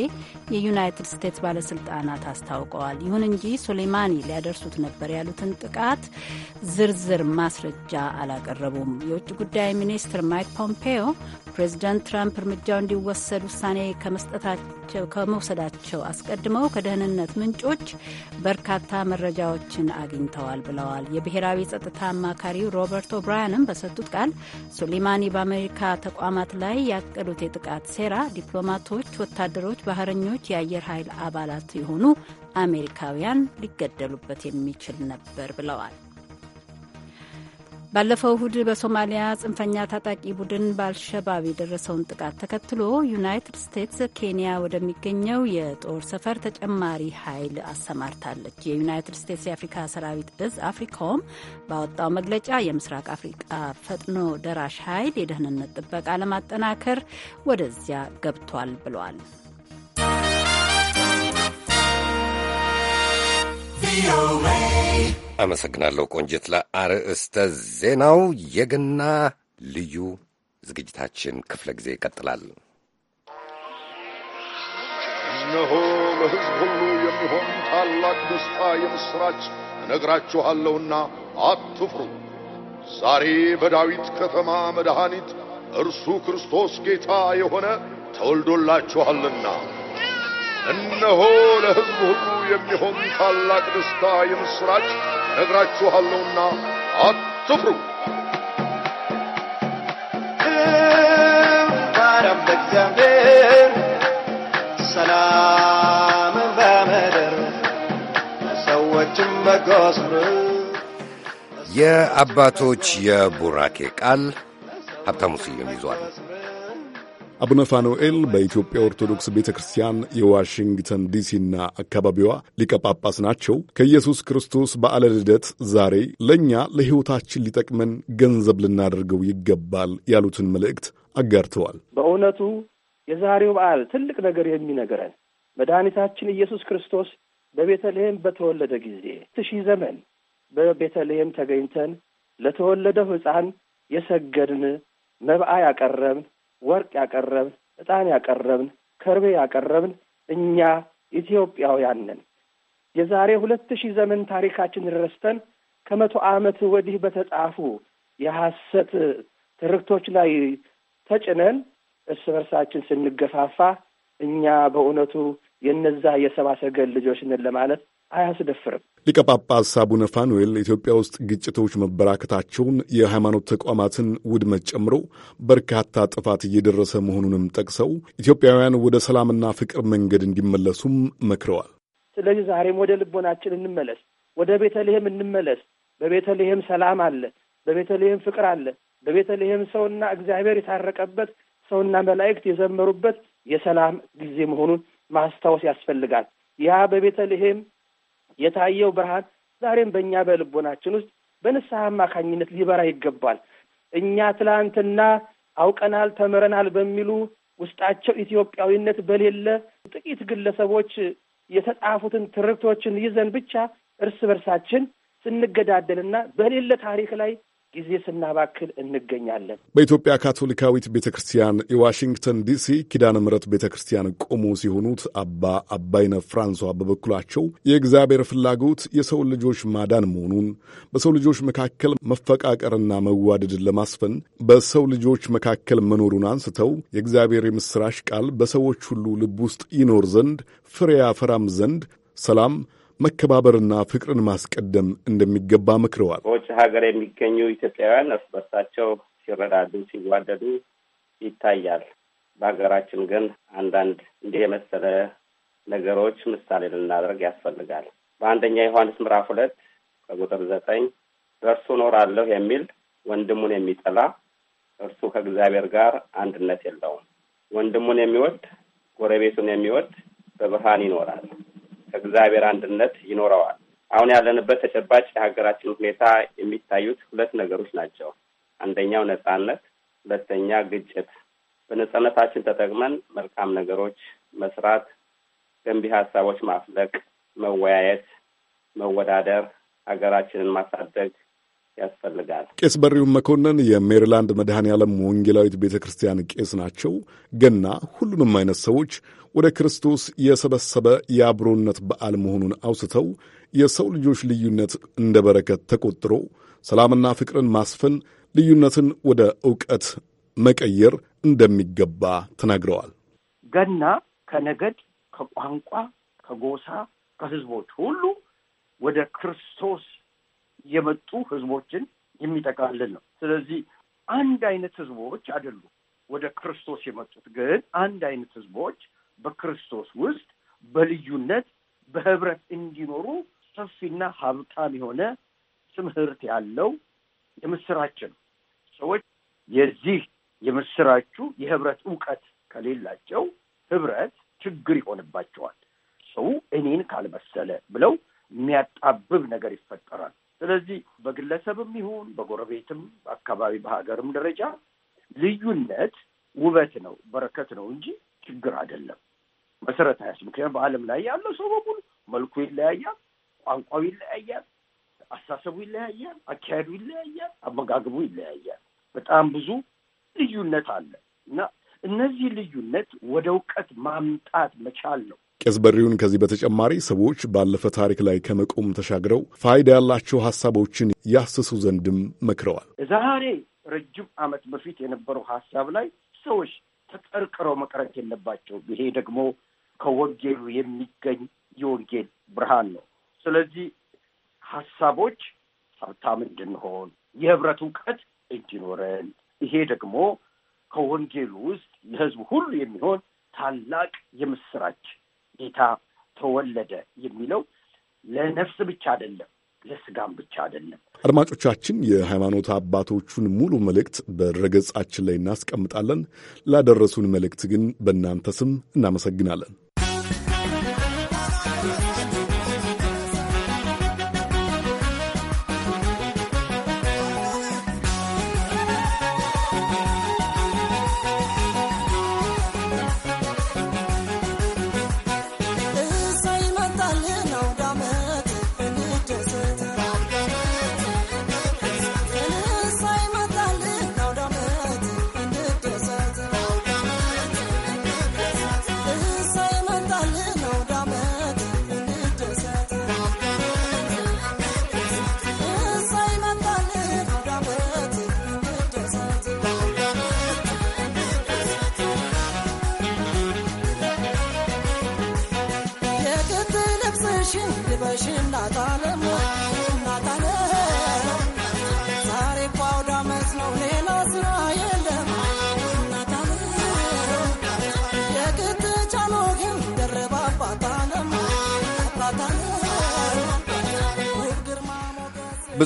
የዩናይትድ ስቴትስ ባለስልጣናት አስታውቀዋል። ይሁን እንጂ ሶሌማኒ ሊያደርሱት ነበር ያሉትን ጥቃት ዝርዝር ማስረጃ አላቀረቡም። የውጭ ጉዳይ ሚኒስትር ማይክ ፖምፔዮ ፕሬዚደንት ትራምፕ እርምጃው እንዲወሰድ ውሳኔ ከመውሰዳቸው አስቀድመው ከደህንነት ምንጮች በርካታ መረጃዎችን አግኝተዋል ብለዋል። የብሔራዊ ጸጥታ አማካሪው ሮበርት ኦብራያንም በሰጡት ቃል ሱሌማኒ በአሜሪካ ተቋማት ላይ ያቀዱት የጥቃት ሴራ ዲፕሎማቶች፣ ወታደሮች፣ ባህረኞች፣ የአየር ኃይል አባላት የሆኑ አሜሪካውያን ሊገደሉበት የሚችል ነበር ብለዋል። ባለፈው እሁድ በሶማሊያ ጽንፈኛ ታጣቂ ቡድን በአልሸባብ የደረሰውን ጥቃት ተከትሎ ዩናይትድ ስቴትስ ኬንያ ወደሚገኘው የጦር ሰፈር ተጨማሪ ኃይል አሰማርታለች። የዩናይትድ ስቴትስ የአፍሪካ ሰራዊት እዝ አፍሪካውም ባወጣው መግለጫ የምስራቅ አፍሪቃ ፈጥኖ ደራሽ ኃይል የደህንነት ጥበቃ ለማጠናከር ወደዚያ ገብቷል ብሏል። አመሰግናለሁ ቆንጅት። ለአርዕስተ ዜናው የገና ልዩ ዝግጅታችን ክፍለ ጊዜ ይቀጥላል። እነሆ ለሕዝብ ሁሉ የሚሆን ታላቅ ደስታ የምሥራች እነግራችኋለሁና አትፍሩ። ዛሬ በዳዊት ከተማ መድኃኒት እርሱ ክርስቶስ ጌታ የሆነ ተወልዶላችኋልና እነሆ ለሕዝቡ ሁሉ የሚሆን ታላቅ ደስታ የምሥራች ነግራችኋለሁና አትፍሩ። ክብር ለእግዚአብሔር፣ ሰላም በምድር ለሰዎችም በጎስም የአባቶች የቡራኬ ቃል ሀብታሙ ስዩም ይዟል። አቡነ ፋኑኤል በኢትዮጵያ ኦርቶዶክስ ቤተ ክርስቲያን የዋሽንግተን ዲሲና አካባቢዋ ሊቀጳጳስ ናቸው። ከኢየሱስ ክርስቶስ በዓለ ልደት ዛሬ ለእኛ ለሕይወታችን ሊጠቅመን ገንዘብ ልናደርገው ይገባል ያሉትን መልእክት አጋርተዋል። በእውነቱ የዛሬው በዓል ትልቅ ነገር የሚነግረን መድኃኒታችን ኢየሱስ ክርስቶስ በቤተልሔም በተወለደ ጊዜ ሺህ ዘመን በቤተልሔም ተገኝተን ለተወለደው ሕፃን የሰገድን መብአ ያቀረብን ወርቅ ያቀረብን፣ ዕጣን ያቀረብን፣ ከርቤ ያቀረብን እኛ ኢትዮጵያውያን ነን። የዛሬ ሁለት ሺህ ዘመን ታሪካችን ረስተን ከመቶ ዓመት ወዲህ በተጻፉ የሐሰት ትርክቶች ላይ ተጭነን እርስ በርሳችን ስንገፋፋ እኛ በእውነቱ የነዛ የሰባሰገል ልጆች ነን ለማለት አያስደፍርም። ሊቀ ጳጳስ አቡነ ፋኑኤል ኢትዮጵያ ውስጥ ግጭቶች መበራከታቸውን የሃይማኖት ተቋማትን ውድመት ጨምሮ በርካታ ጥፋት እየደረሰ መሆኑንም ጠቅሰው ኢትዮጵያውያን ወደ ሰላምና ፍቅር መንገድ እንዲመለሱም መክረዋል። ስለዚህ ዛሬም ወደ ልቦናችን እንመለስ፣ ወደ ቤተልሔም እንመለስ። በቤተልሔም ሰላም አለ፣ በቤተልሔም ፍቅር አለ፣ በቤተልሔም ሰውና እግዚአብሔር የታረቀበት ሰውና መላእክት የዘመሩበት የሰላም ጊዜ መሆኑን ማስታወስ ያስፈልጋል። ያ በቤተልሔም የታየው ብርሃን ዛሬም በእኛ በልቦናችን ውስጥ በንስሐ አማካኝነት ሊበራ ይገባል። እኛ ትላንትና አውቀናል፣ ተምረናል በሚሉ ውስጣቸው ኢትዮጵያዊነት በሌለ ጥቂት ግለሰቦች የተጻፉትን ትርክቶችን ይዘን ብቻ እርስ በርሳችን ስንገዳደልና በሌለ ታሪክ ላይ ጊዜ ስናባክል እንገኛለን። በኢትዮጵያ ካቶሊካዊት ቤተ ክርስቲያን የዋሽንግተን ዲሲ ኪዳነ ምሕረት ቤተ ክርስቲያን ቆሞስ የሆኑት አባ አባይነ ፍራንሷ በበኩላቸው የእግዚአብሔር ፍላጎት የሰው ልጆች ማዳን መሆኑን በሰው ልጆች መካከል መፈቃቀርና መዋደድን ለማስፈን በሰው ልጆች መካከል መኖሩን አንስተው የእግዚአብሔር የምሥራች ቃል በሰዎች ሁሉ ልብ ውስጥ ይኖር ዘንድ ፍሬ ያፈራም ዘንድ ሰላም መከባበርና ፍቅርን ማስቀደም እንደሚገባ መክረዋል። በውጭ ሀገር የሚገኙ ኢትዮጵያውያን እርስ በርሳቸው ሲረዳዱ፣ ሲዋደዱ ይታያል። በሀገራችን ግን አንዳንድ እንዲህ የመሰለ ነገሮች ምሳሌ ልናደርግ ያስፈልጋል። በአንደኛ ዮሐንስ ምዕራፍ ሁለት ከቁጥር ዘጠኝ በእርሱ እኖራለሁ የሚል ወንድሙን የሚጠላ እርሱ ከእግዚአብሔር ጋር አንድነት የለውም። ወንድሙን የሚወድ ጎረቤቱን የሚወድ በብርሃን ይኖራል እግዚአብሔር አንድነት ይኖረዋል። አሁን ያለንበት ተጨባጭ የሀገራችን ሁኔታ የሚታዩት ሁለት ነገሮች ናቸው። አንደኛው ነጻነት፣ ሁለተኛ ግጭት። በነጻነታችን ተጠቅመን መልካም ነገሮች መስራት፣ ገንቢ ሀሳቦች ማፍለቅ፣ መወያየት፣ መወዳደር፣ ሀገራችንን ማሳደግ ያስፈልጋል። ቄስ በሪውን መኮንን የሜሪላንድ መድኃኔ ዓለም ወንጌላዊት ቤተ ክርስቲያን ቄስ ናቸው። ገና ሁሉንም አይነት ሰዎች ወደ ክርስቶስ የሰበሰበ የአብሮነት በዓል መሆኑን አውስተው የሰው ልጆች ልዩነት እንደ በረከት ተቆጥሮ ሰላምና ፍቅርን ማስፈን፣ ልዩነትን ወደ እውቀት መቀየር እንደሚገባ ተናግረዋል። ገና ከነገድ፣ ከቋንቋ፣ ከጎሳ፣ ከህዝቦች ሁሉ ወደ ክርስቶስ የመጡ ህዝቦችን የሚጠቃልል ነው። ስለዚህ አንድ አይነት ህዝቦች አይደሉም ወደ ክርስቶስ የመጡት ግን አንድ አይነት ህዝቦች በክርስቶስ ውስጥ በልዩነት በህብረት እንዲኖሩ ሰፊና ሀብታም የሆነ ትምህርት ያለው የምስራች ነው። ሰዎች የዚህ የምስራቹ የህብረት እውቀት ከሌላቸው ህብረት ችግር ይሆንባቸዋል። ሰው እኔን ካልመሰለ ብለው የሚያጣብብ ነገር ይፈጠራል። ስለዚህ በግለሰብም ይሁን በጎረቤትም አካባቢ በሀገርም ደረጃ ልዩነት ውበት ነው፣ በረከት ነው እንጂ ችግር አይደለም። መሰረታዊ ያስ ምክንያቱም በዓለም ላይ ያለው ሰው በሙሉ መልኩ ይለያያል፣ ቋንቋው ይለያያል፣ አሳሰቡ ይለያያል፣ አካሄዱ ይለያያል፣ አመጋገቡ ይለያያል። በጣም ብዙ ልዩነት አለ እና እነዚህ ልዩነት ወደ እውቀት ማምጣት መቻል ነው ቄስ በሪውን ከዚህ በተጨማሪ ሰዎች ባለፈ ታሪክ ላይ ከመቆም ተሻግረው ፋይዳ ያላቸው ሀሳቦችን ያስሱ ዘንድም መክረዋል። ዛሬ ረጅም ዓመት በፊት የነበረው ሀሳብ ላይ ሰዎች ተቀርቅረው መቅረት የለባቸው ይሄ ደግሞ ከወንጌሉ የሚገኝ የወንጌል ብርሃን ነው። ስለዚህ ሀሳቦች ሀብታም እንድንሆን፣ የህብረት እውቀት እንዲኖረን፣ ይሄ ደግሞ ከወንጌሉ ውስጥ ለህዝቡ ሁሉ የሚሆን ታላቅ የምስራች ጌታ ተወለደ የሚለው ለነፍስ ብቻ አይደለም ለስጋም ብቻ አይደለም። አድማጮቻችን፣ የሃይማኖት አባቶቹን ሙሉ መልእክት በድረገጻችን ላይ እናስቀምጣለን። ላደረሱን መልእክት ግን በእናንተ ስም እናመሰግናለን።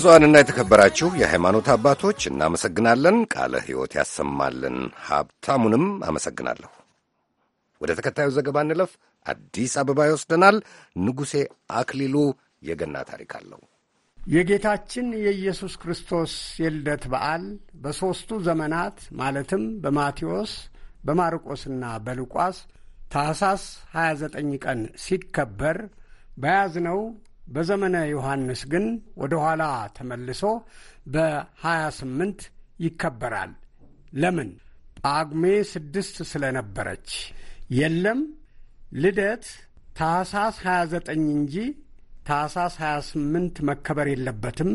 ብፁዓንና የተከበራችሁ የሃይማኖት አባቶች እናመሰግናለን። ቃለ ሕይወት ያሰማልን። ሀብታሙንም አመሰግናለሁ። ወደ ተከታዩ ዘገባ እንለፍ። አዲስ አበባ ይወስደናል። ንጉሴ አክሊሉ የገና ታሪክ አለው። የጌታችን የኢየሱስ ክርስቶስ የልደት በዓል በሦስቱ ዘመናት ማለትም በማቴዎስ በማርቆስና በሉቃስ ታኅሳስ 29 ቀን ሲከበር በያዝነው በዘመነ ዮሐንስ ግን ወደ ኋላ ተመልሶ በ28 ይከበራል። ለምን? ጳጉሜ ስድስት ስለነበረች። የለም ልደት ታህሳስ 29 እንጂ ታህሳስ 28 መከበር የለበትም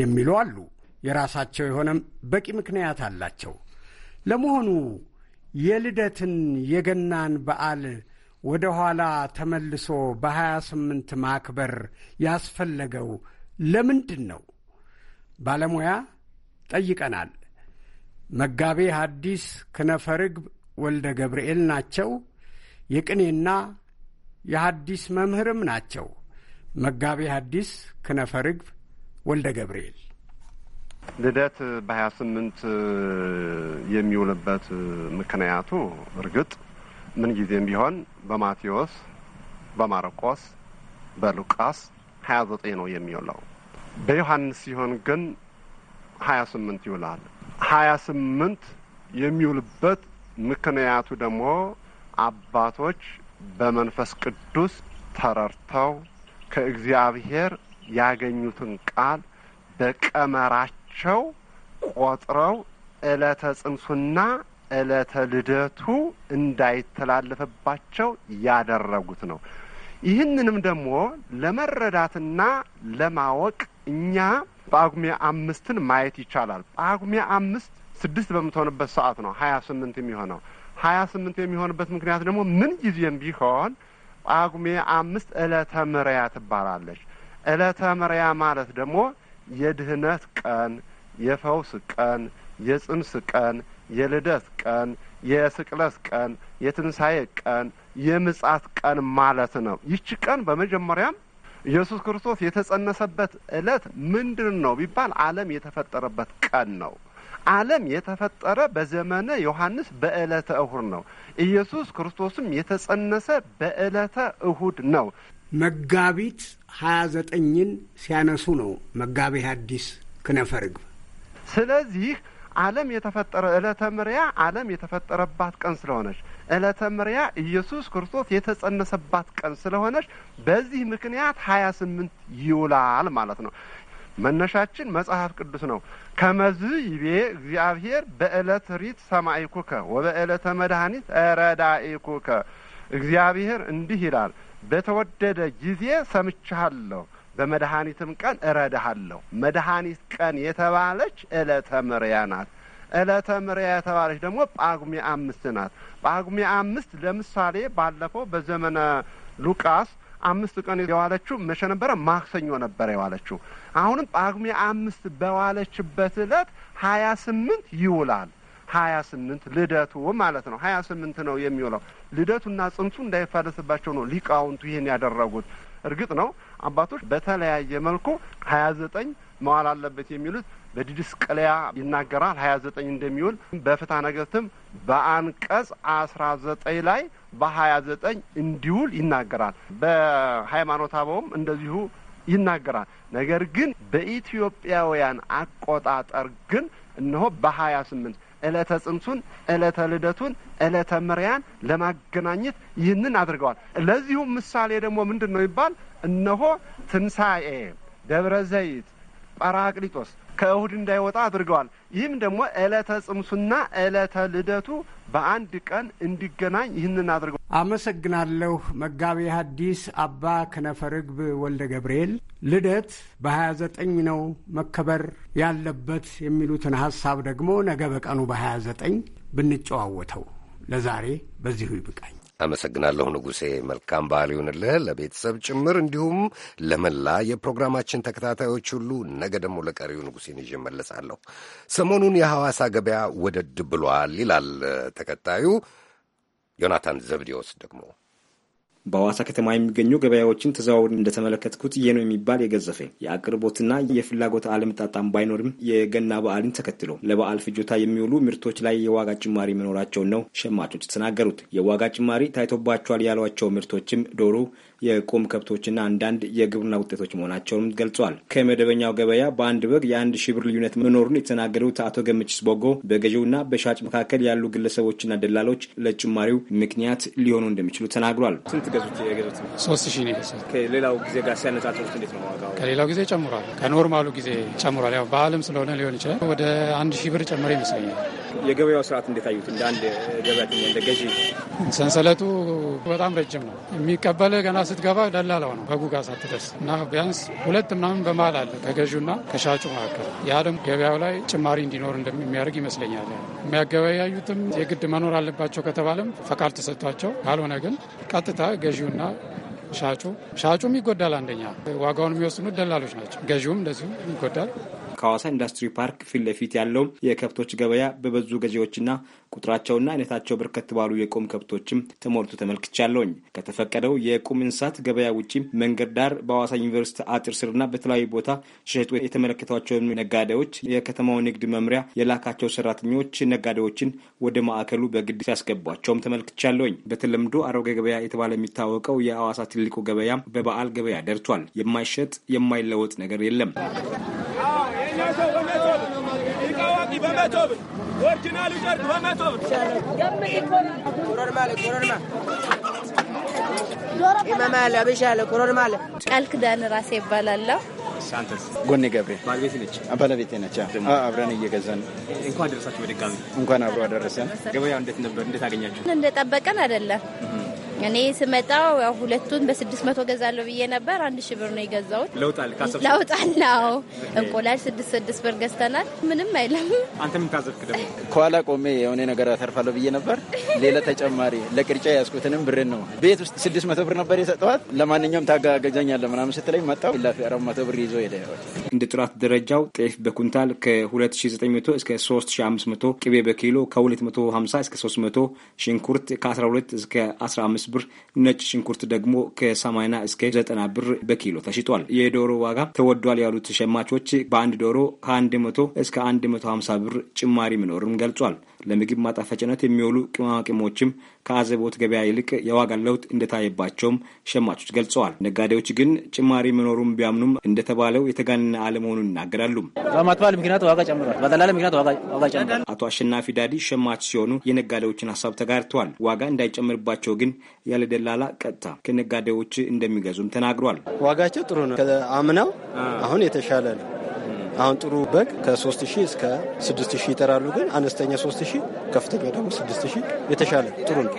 የሚሉ አሉ። የራሳቸው የሆነ በቂ ምክንያት አላቸው። ለመሆኑ የልደትን የገናን በዓል ወደ ኋላ ተመልሶ በሀያ ስምንት ማክበር ያስፈለገው ለምንድን ነው? ባለሙያ ጠይቀናል። መጋቤ ሐዲስ ክነፈርግብ ወልደ ገብርኤል ናቸው። የቅኔና የሐዲስ መምህርም ናቸው። መጋቤ ሐዲስ ክነፈርግብ ወልደ ገብርኤል ልደት በሀያ ስምንት የሚውልበት ምክንያቱ እርግጥ ምንጊዜም ቢሆን በማቴዎስ፣ በማርቆስ፣ በሉቃስ ሀያ ዘጠኝ ነው የሚውለው። በዮሐንስ ሲሆን ግን ሀያ ስምንት ይውላል። ሀያ ስምንት የሚውልበት ምክንያቱ ደግሞ አባቶች በመንፈስ ቅዱስ ተረድተው ከእግዚአብሔር ያገኙትን ቃል በቀመራቸው ቆጥረው ዕለተ ጽንሱና ዕለተ ልደቱ እንዳይተላለፍባቸው ያደረጉት ነው። ይህንንም ደግሞ ለመረዳትና ለማወቅ እኛ ጳጉሜ አምስትን ማየት ይቻላል። ጳጉሜ አምስት ስድስት በምትሆንበት ሰዓት ነው ሀያ ስምንት የሚሆነው። ሀያ ስምንት የሚሆንበት ምክንያት ደግሞ ምን ጊዜም ቢሆን ጳጉሜ አምስት ዕለተ ምርያ ትባላለች። ዕለተ ምርያ ማለት ደግሞ የድህነት ቀን፣ የፈውስ ቀን፣ የጽንስ ቀን የልደት ቀን፣ የስቅለት ቀን፣ የትንሣኤ ቀን፣ የምጻት ቀን ማለት ነው። ይቺ ቀን በመጀመሪያም ኢየሱስ ክርስቶስ የተጸነሰበት ዕለት ምንድን ነው ቢባል ዓለም የተፈጠረበት ቀን ነው። ዓለም የተፈጠረ በዘመነ ዮሐንስ በዕለተ እሁድ ነው። ኢየሱስ ክርስቶስም የተጸነሰ በዕለተ እሁድ ነው። መጋቢት ሀያ ዘጠኝን ሲያነሱ ነው መጋቤ ሐዲስ ክነፈርግ ስለዚህ ዓለም የተፈጠረ እለተ ምርያ ዓለም የተፈጠረባት ቀን ስለሆነች እለተ ምርያ ኢየሱስ ክርስቶስ የተጸነሰባት ቀን ስለሆነች በዚህ ምክንያት ሀያ ስምንት ይውላል ማለት ነው። መነሻችን መጽሐፍ ቅዱስ ነው። ከመዝ ይቤ እግዚአብሔር በእለት ሪት ሰማይኩከ ወበዕለተ መድኃኒት ረዳኢኩከ እግዚአብሔር እንዲህ ይላል፣ በተወደደ ጊዜ ሰምቻለሁ በመድኃኒትም ቀን እረዳሃለሁ። መድኃኒት ቀን የተባለች እለተ ምርያ ናት። እለተ ምርያ የተባለች ደግሞ ጳጉሜ አምስት ናት። ጳጉሜ አምስት ለምሳሌ ባለፈው በዘመነ ሉቃስ አምስት ቀን የዋለችው መቼ ነበረ? ማክሰኞ ነበረ የዋለችው። አሁንም ጳጉሜ አምስት በዋለችበት እለት ሀያ ስምንት ይውላል። ሀያ ስምንት ልደቱ ማለት ነው። ሀያ ስምንት ነው የሚውለው። ልደቱና ጽንሱ እንዳይፈለስባቸው ነው ሊቃውንቱ ይህን ያደረጉት። እርግጥ ነው አባቶች በተለያየ መልኩ ሀያ ዘጠኝ መዋል አለበት የሚሉት በዲድስቅልያ ይናገራል። ሀያ ዘጠኝ እንደሚውል በፍትሐ ነገሥትም በአንቀጽ አስራ ዘጠኝ ላይ በሀያ ዘጠኝ እንዲውል ይናገራል። በሃይማኖት አበውም እንደዚሁ ይናገራል። ነገር ግን በኢትዮጵያውያን አቆጣጠር ግን እነሆ በሀያ ስምንት ዕለተ ጽንሱን፣ ዕለተ ልደቱን፣ ዕለተ ምሪያን ለማገናኘት ይህንን አድርገዋል። ለዚሁም ምሳሌ ደግሞ ምንድን ነው ይባል እነሆ ትንሣኤ ደብረ ዘይት ጳራቅሊጦስ ከእሁድ እንዳይወጣ አድርገዋል። ይህም ደግሞ ዕለተ ጽምሱና ዕለተ ልደቱ በአንድ ቀን እንዲገናኝ ይህንን አድርገዋል። አመሰግናለሁ። መጋቤ ሐዲስ አባ ከነፈርግብ ወልደ ገብርኤል ልደት በሀያ ዘጠኝ ነው መከበር ያለበት የሚሉትን ሀሳብ ደግሞ ነገ በቀኑ በሀያ ዘጠኝ ብንጨዋወተው ለዛሬ በዚሁ ይብቃኝ። አመሰግናለሁ ንጉሴ። መልካም በዓል ይሁንልህ ለቤተሰብ ጭምር እንዲሁም ለመላ የፕሮግራማችን ተከታታዮች ሁሉ። ነገ ደግሞ ለቀሪው ንጉሴን ይዤ እመለሳለሁ። ሰሞኑን የሐዋሳ ገበያ ወደድ ብሏል ይላል ተከታዩ ዮናታን ዘብዴዎስ ደግሞ በሐዋሳ ከተማ የሚገኙ ገበያዎችን ተዘዋውር እንደተመለከትኩት ይህ ነው የሚባል የገዘፈ የአቅርቦትና የፍላጎት አለመጣጣም ባይኖርም የገና በዓልን ተከትሎ ለበዓል ፍጆታ የሚውሉ ምርቶች ላይ የዋጋ ጭማሪ መኖራቸውን ነው ሸማቾች የተናገሩት። የዋጋ ጭማሪ ታይቶባቸዋል ያሏቸው ምርቶችም ዶሮ የቁም ከብቶችና አንዳንድ የግብርና ውጤቶች መሆናቸውንም ገልጿል። ከመደበኛው ገበያ በአንድ በግ የአንድ ሺህ ብር ልዩነት መኖሩን የተናገሩት አቶ ገምችስ ቦጎ በገዢውና በሻጭ መካከል ያሉ ግለሰቦችና ደላሎች ለጭማሪው ምክንያት ሊሆኑ እንደሚችሉ ተናግሯል። ስንት ገዙት? የገዙት ሶስት ሺህ ነው። ከሌላው ጊዜ ጋር ሲያነጻጽሩት እንዴት ነው ዋጋው? ከሌላው ጊዜ ጨምሯል። ከኖርማሉ ጊዜ ጨምሯል። ያው በዓለም ስለሆነ ሊሆን ይችላል። ወደ አንድ ሺህ ብር ጨምሮ ይመስለኛል። የገበያው ስርዓት እንዴት አዩት? እንደ አንድ ገበያ እንደ ገዢ ሰንሰለቱ በጣም ረጅም ነው። የሚቀበል ገና ስትገባ ደላላው ነው ከጉጋ ጋር ሳትደርስ እና ቢያንስ ሁለት ምናምን በመሀል አለ ከገዢና ከሻጩ መካከል። ያ ደግሞ ገበያው ላይ ጭማሪ እንዲኖር እንደሚያደርግ ይመስለኛል። የሚያገበያዩትም የግድ መኖር አለባቸው ከተባለም ፈቃድ ተሰጥቷቸው፣ ካልሆነ ግን ቀጥታ ገዢውና ሻጩ ሻጩም ይጎዳል። አንደኛ ዋጋውን የሚወስኑት ደላሎች ናቸው። ገዢውም እንደዚሁ ይጎዳል። ከሐዋሳ ኢንዱስትሪ ፓርክ ፊት ለፊት ያለው የከብቶች ገበያ በበዙ ገዢዎችና ቁጥራቸውና አይነታቸው በርከት ባሉ የቁም ከብቶችም ተሞልቶ ተመልክቻለሁኝ። ከተፈቀደው የቁም እንስሳት ገበያ ውጪ መንገድ ዳር በሐዋሳ ዩኒቨርሲቲ አጥር ስርና በተለያዩ ቦታ ሸጡ የተመለከቷቸው ነጋዴዎች የከተማው ንግድ መምሪያ የላካቸው ሰራተኞች ነጋዴዎችን ወደ ማዕከሉ በግድ ሲያስገቧቸውም ተመልክቻለሁኝ። በተለምዶ አሮጌ ገበያ የተባለ የሚታወቀው የሐዋሳ ትልቁ ገበያ በበዓል ገበያ ደርቷል። የማይሸጥ የማይለወጥ ነገር የለም። በመቶ በመቶ ብር እቃ ዋቂ በመቶ ብር ኦሪጂናሉ ጨርቅ በመቶ ብር ይመማል አብሻለ ኮሮን ማለ ቃል ክዳን ራሴ ይባላለሁ። ሳንተስ ጎኔ ገብሬ ባለቤት ነች ባለቤቴ ነች። አብረን እየገዛን እንኳን ደረሳችሁ። በድጋሚ እንኳን አብሮ አደረሰን። ገበያው እንዴት ነበር? እንዴት አገኛችሁ? እንደጠበቀን አይደለም እኔ ስመጣ ያው ሁለቱን በስድስት መቶ ገዛለሁ ብዬ ነበር። አንድ ሺ ብር ነው የገዛሁት። ለውጣል ው እንቁላል ስድስት ስድስት ብር ገዝተናል። ምንም አይለም። አንተ ምን ታዘብክ? ደግሞ ከኋላ ቆሜ የሆነ ነገር አተርፋለሁ ብዬ ነበር። ሌላ ተጨማሪ ለቅርጫ ያስኩትንም ብርን ነው ቤት ውስጥ ስድስት መቶ ብር ነበር የሰጠኋት። ለማንኛውም ታገዛኛለህ ምናምን ስትለኝ መጣው ላፊ አራት መቶ ብር ይዞ ሄደ። እንደ ጥራት ደረጃው ጤፍ በኩንታል ከ2900 እስከ 3500፣ ቅቤ በኪሎ ከ250 እስከ 300፣ ሽንኩርት ከ12 እስከ 15 ብር፣ ነጭ ሽንኩርት ደግሞ ከ80 እስከ 90 ብር በኪሎ ተሽጧል። የዶሮ ዋጋ ተወዷል ያሉት ሸማቾች በአንድ ዶሮ ከ100 እስከ 150 ብር ጭማሪ መኖርም ገልጿል። ለምግብ ማጣፈጫነት የሚውሉ ቅመማ ከአዘቦት ገበያ ይልቅ የዋጋ ለውጥ እንደታየባቸውም ሸማቾች ገልጸዋል። ነጋዴዎች ግን ጭማሪ መኖሩን ቢያምኑም እንደተባለው የተጋነነ አለመሆኑን ይናገራሉ። በማትባል ምክንያት ዋጋ ጨምሯል፣ በጠላለ ምክንያት ዋጋ ጨምሯል። አቶ አሸናፊ ዳዲ ሸማች ሲሆኑ የነጋዴዎችን ሀሳብ ተጋርተዋል። ዋጋ እንዳይጨምርባቸው ግን ያለ ደላላ ቀጥታ ከነጋዴዎች እንደሚገዙም ተናግሯል። ዋጋቸው ጥሩ ነው። አምናው አሁን የተሻለ ነው። አሁን ጥሩ በግ ከ3 ሺህ እስከ 6 ሺህ ይጠራሉ። ግን አነስተኛ 3 ሺህ ከፍተኛ ደግሞ 6 ሺህ የተሻለ ጥሩ ነው።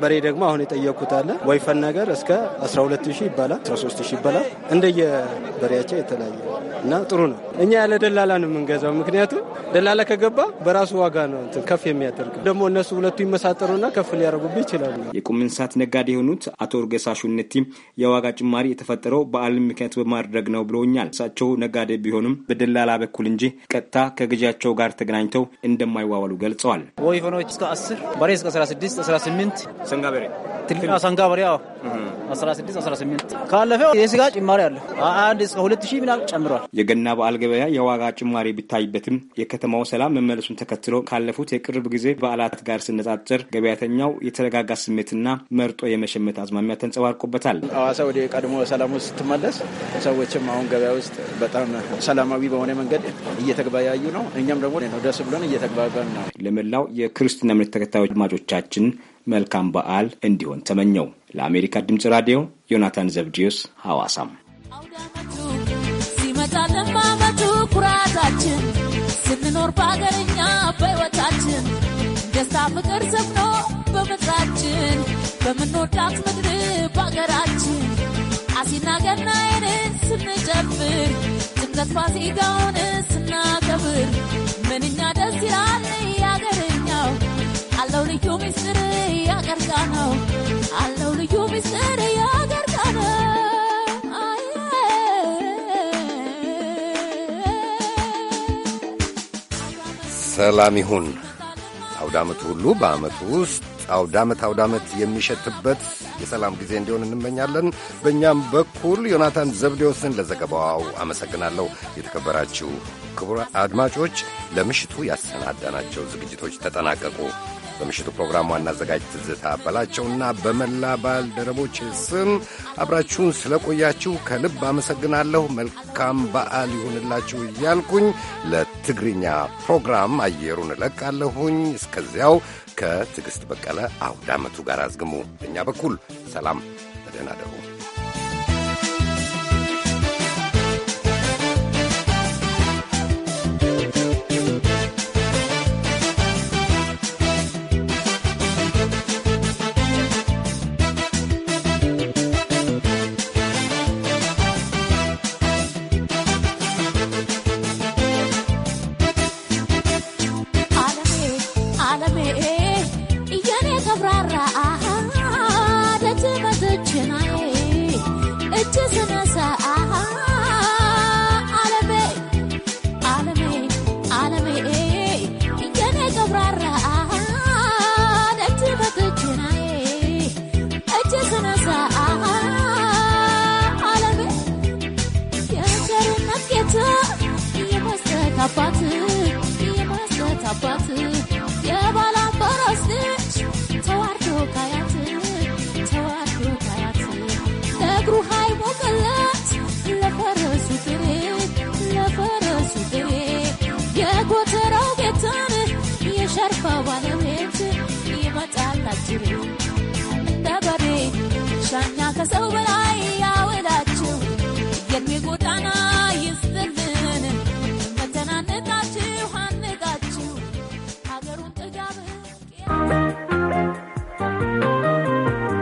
በሬ ደግሞ አሁን የጠየኩት አለ ወይፈን ነገር እስከ 12 ሺህ ይባላል፣ 13 ሺህ ይባላል። እንደየበሬያቸው የተለያየ እና ጥሩ ነው። እኛ ያለ ደላላ ነው የምንገዛው ምክንያቱም ደላላ ከገባ በራሱ ዋጋ ነው ከፍ የሚያደርገው። ደግሞ እነሱ ሁለቱ ይመሳጠሩና ከፍ ሊያደርጉብህ ይችላሉ። የቁም እንስሳት ነጋዴ የሆኑት አቶ እርገሳ ሹነቲ የዋጋ ጭማሪ የተፈጠረው በዓለም ምክንያት በማድረግ ነው ብለውኛል። እሳቸው ነጋዴ ቢሆኑም በደላላ በኩል እንጂ ቀጥታ ከግዢያቸው ጋር ተገናኝተው እንደማይዋዋሉ ገልጸዋል። ወይፈኖች እስከ 10 በሬ እስከ 16 18 ሰንጋ በሬ ሰንጋ በሬ 16 18 ካለፈው የስጋ ጭማሪ አለ። አንድ እስከ ሁለት ምናምን ጨምሯል። የገና በዓል ገበያ የዋጋ ጭማሪ ቢታይበትም የከተማው ሰላም መመለሱን ተከትሎ ካለፉት የቅርብ ጊዜ በዓላት ጋር ሲነጻጸር ገበያተኛው የተረጋጋ ስሜትና መርጦ የመሸመት አዝማሚያ ተንጸባርቆበታል። አዋሳ ወደ ቀድሞ ሰላሙ ስትመለስ ሰዎችም አሁን ገበያ ውስጥ በጣም ሰላማዊ በሆነ መንገድ እየተግባያዩ ነው። እኛም ደግሞ ደስ ብሎን እየተግባባን ነው። ለመላው የክርስትና እምነት ተከታዮች አድማጮቻችን መልካም በዓል እንዲሆን ተመኘው። ለአሜሪካ ድምፅ ራዲዮ ዮናታን ዘብዲዮስ ሐዋሳም ሲመጣ ለማመቱ ኩራታችን ስንኖር በአገርኛ በሕይወታችን ደስታ ፍቅር ሰፍኖ በምድራችን በምንወዳት ምድር በአገራችን አሲና ገናዬን ስንጨፍር ጥምቀት ፋሲካውን ስናከብር ነው አለው ልዩ ሚስጥር ያገር ሰላም ይሁን። አውዳመቱ ሁሉ በአመቱ ውስጥ አውደ አውዳመት የሚሸትበት የሰላም ጊዜ እንዲሆን እንመኛለን። በእኛም በኩል ዮናታን ዘብዴዎስን ለዘገባው አመሰግናለሁ። የተከበራችሁ ክቡር አድማጮች ለምሽቱ ያሰናዳናቸው ዝግጅቶች ተጠናቀቁ። በምሽቱ ፕሮግራም ዋና አዘጋጅ ትዝታ በላቸውና በመላ ባልደረቦች ስም አብራችሁን ስለቆያችሁ ከልብ አመሰግናለሁ። መልካም በዓል ይሁንላችሁ እያልኩኝ ለትግርኛ ፕሮግራም አየሩን እለቃለሁኝ። እስከዚያው ከትዕግሥት በቀለ ዓመቱ ጋር አዝግሙ። በእኛ በኩል ሰላም፣ በደህና ደሩ።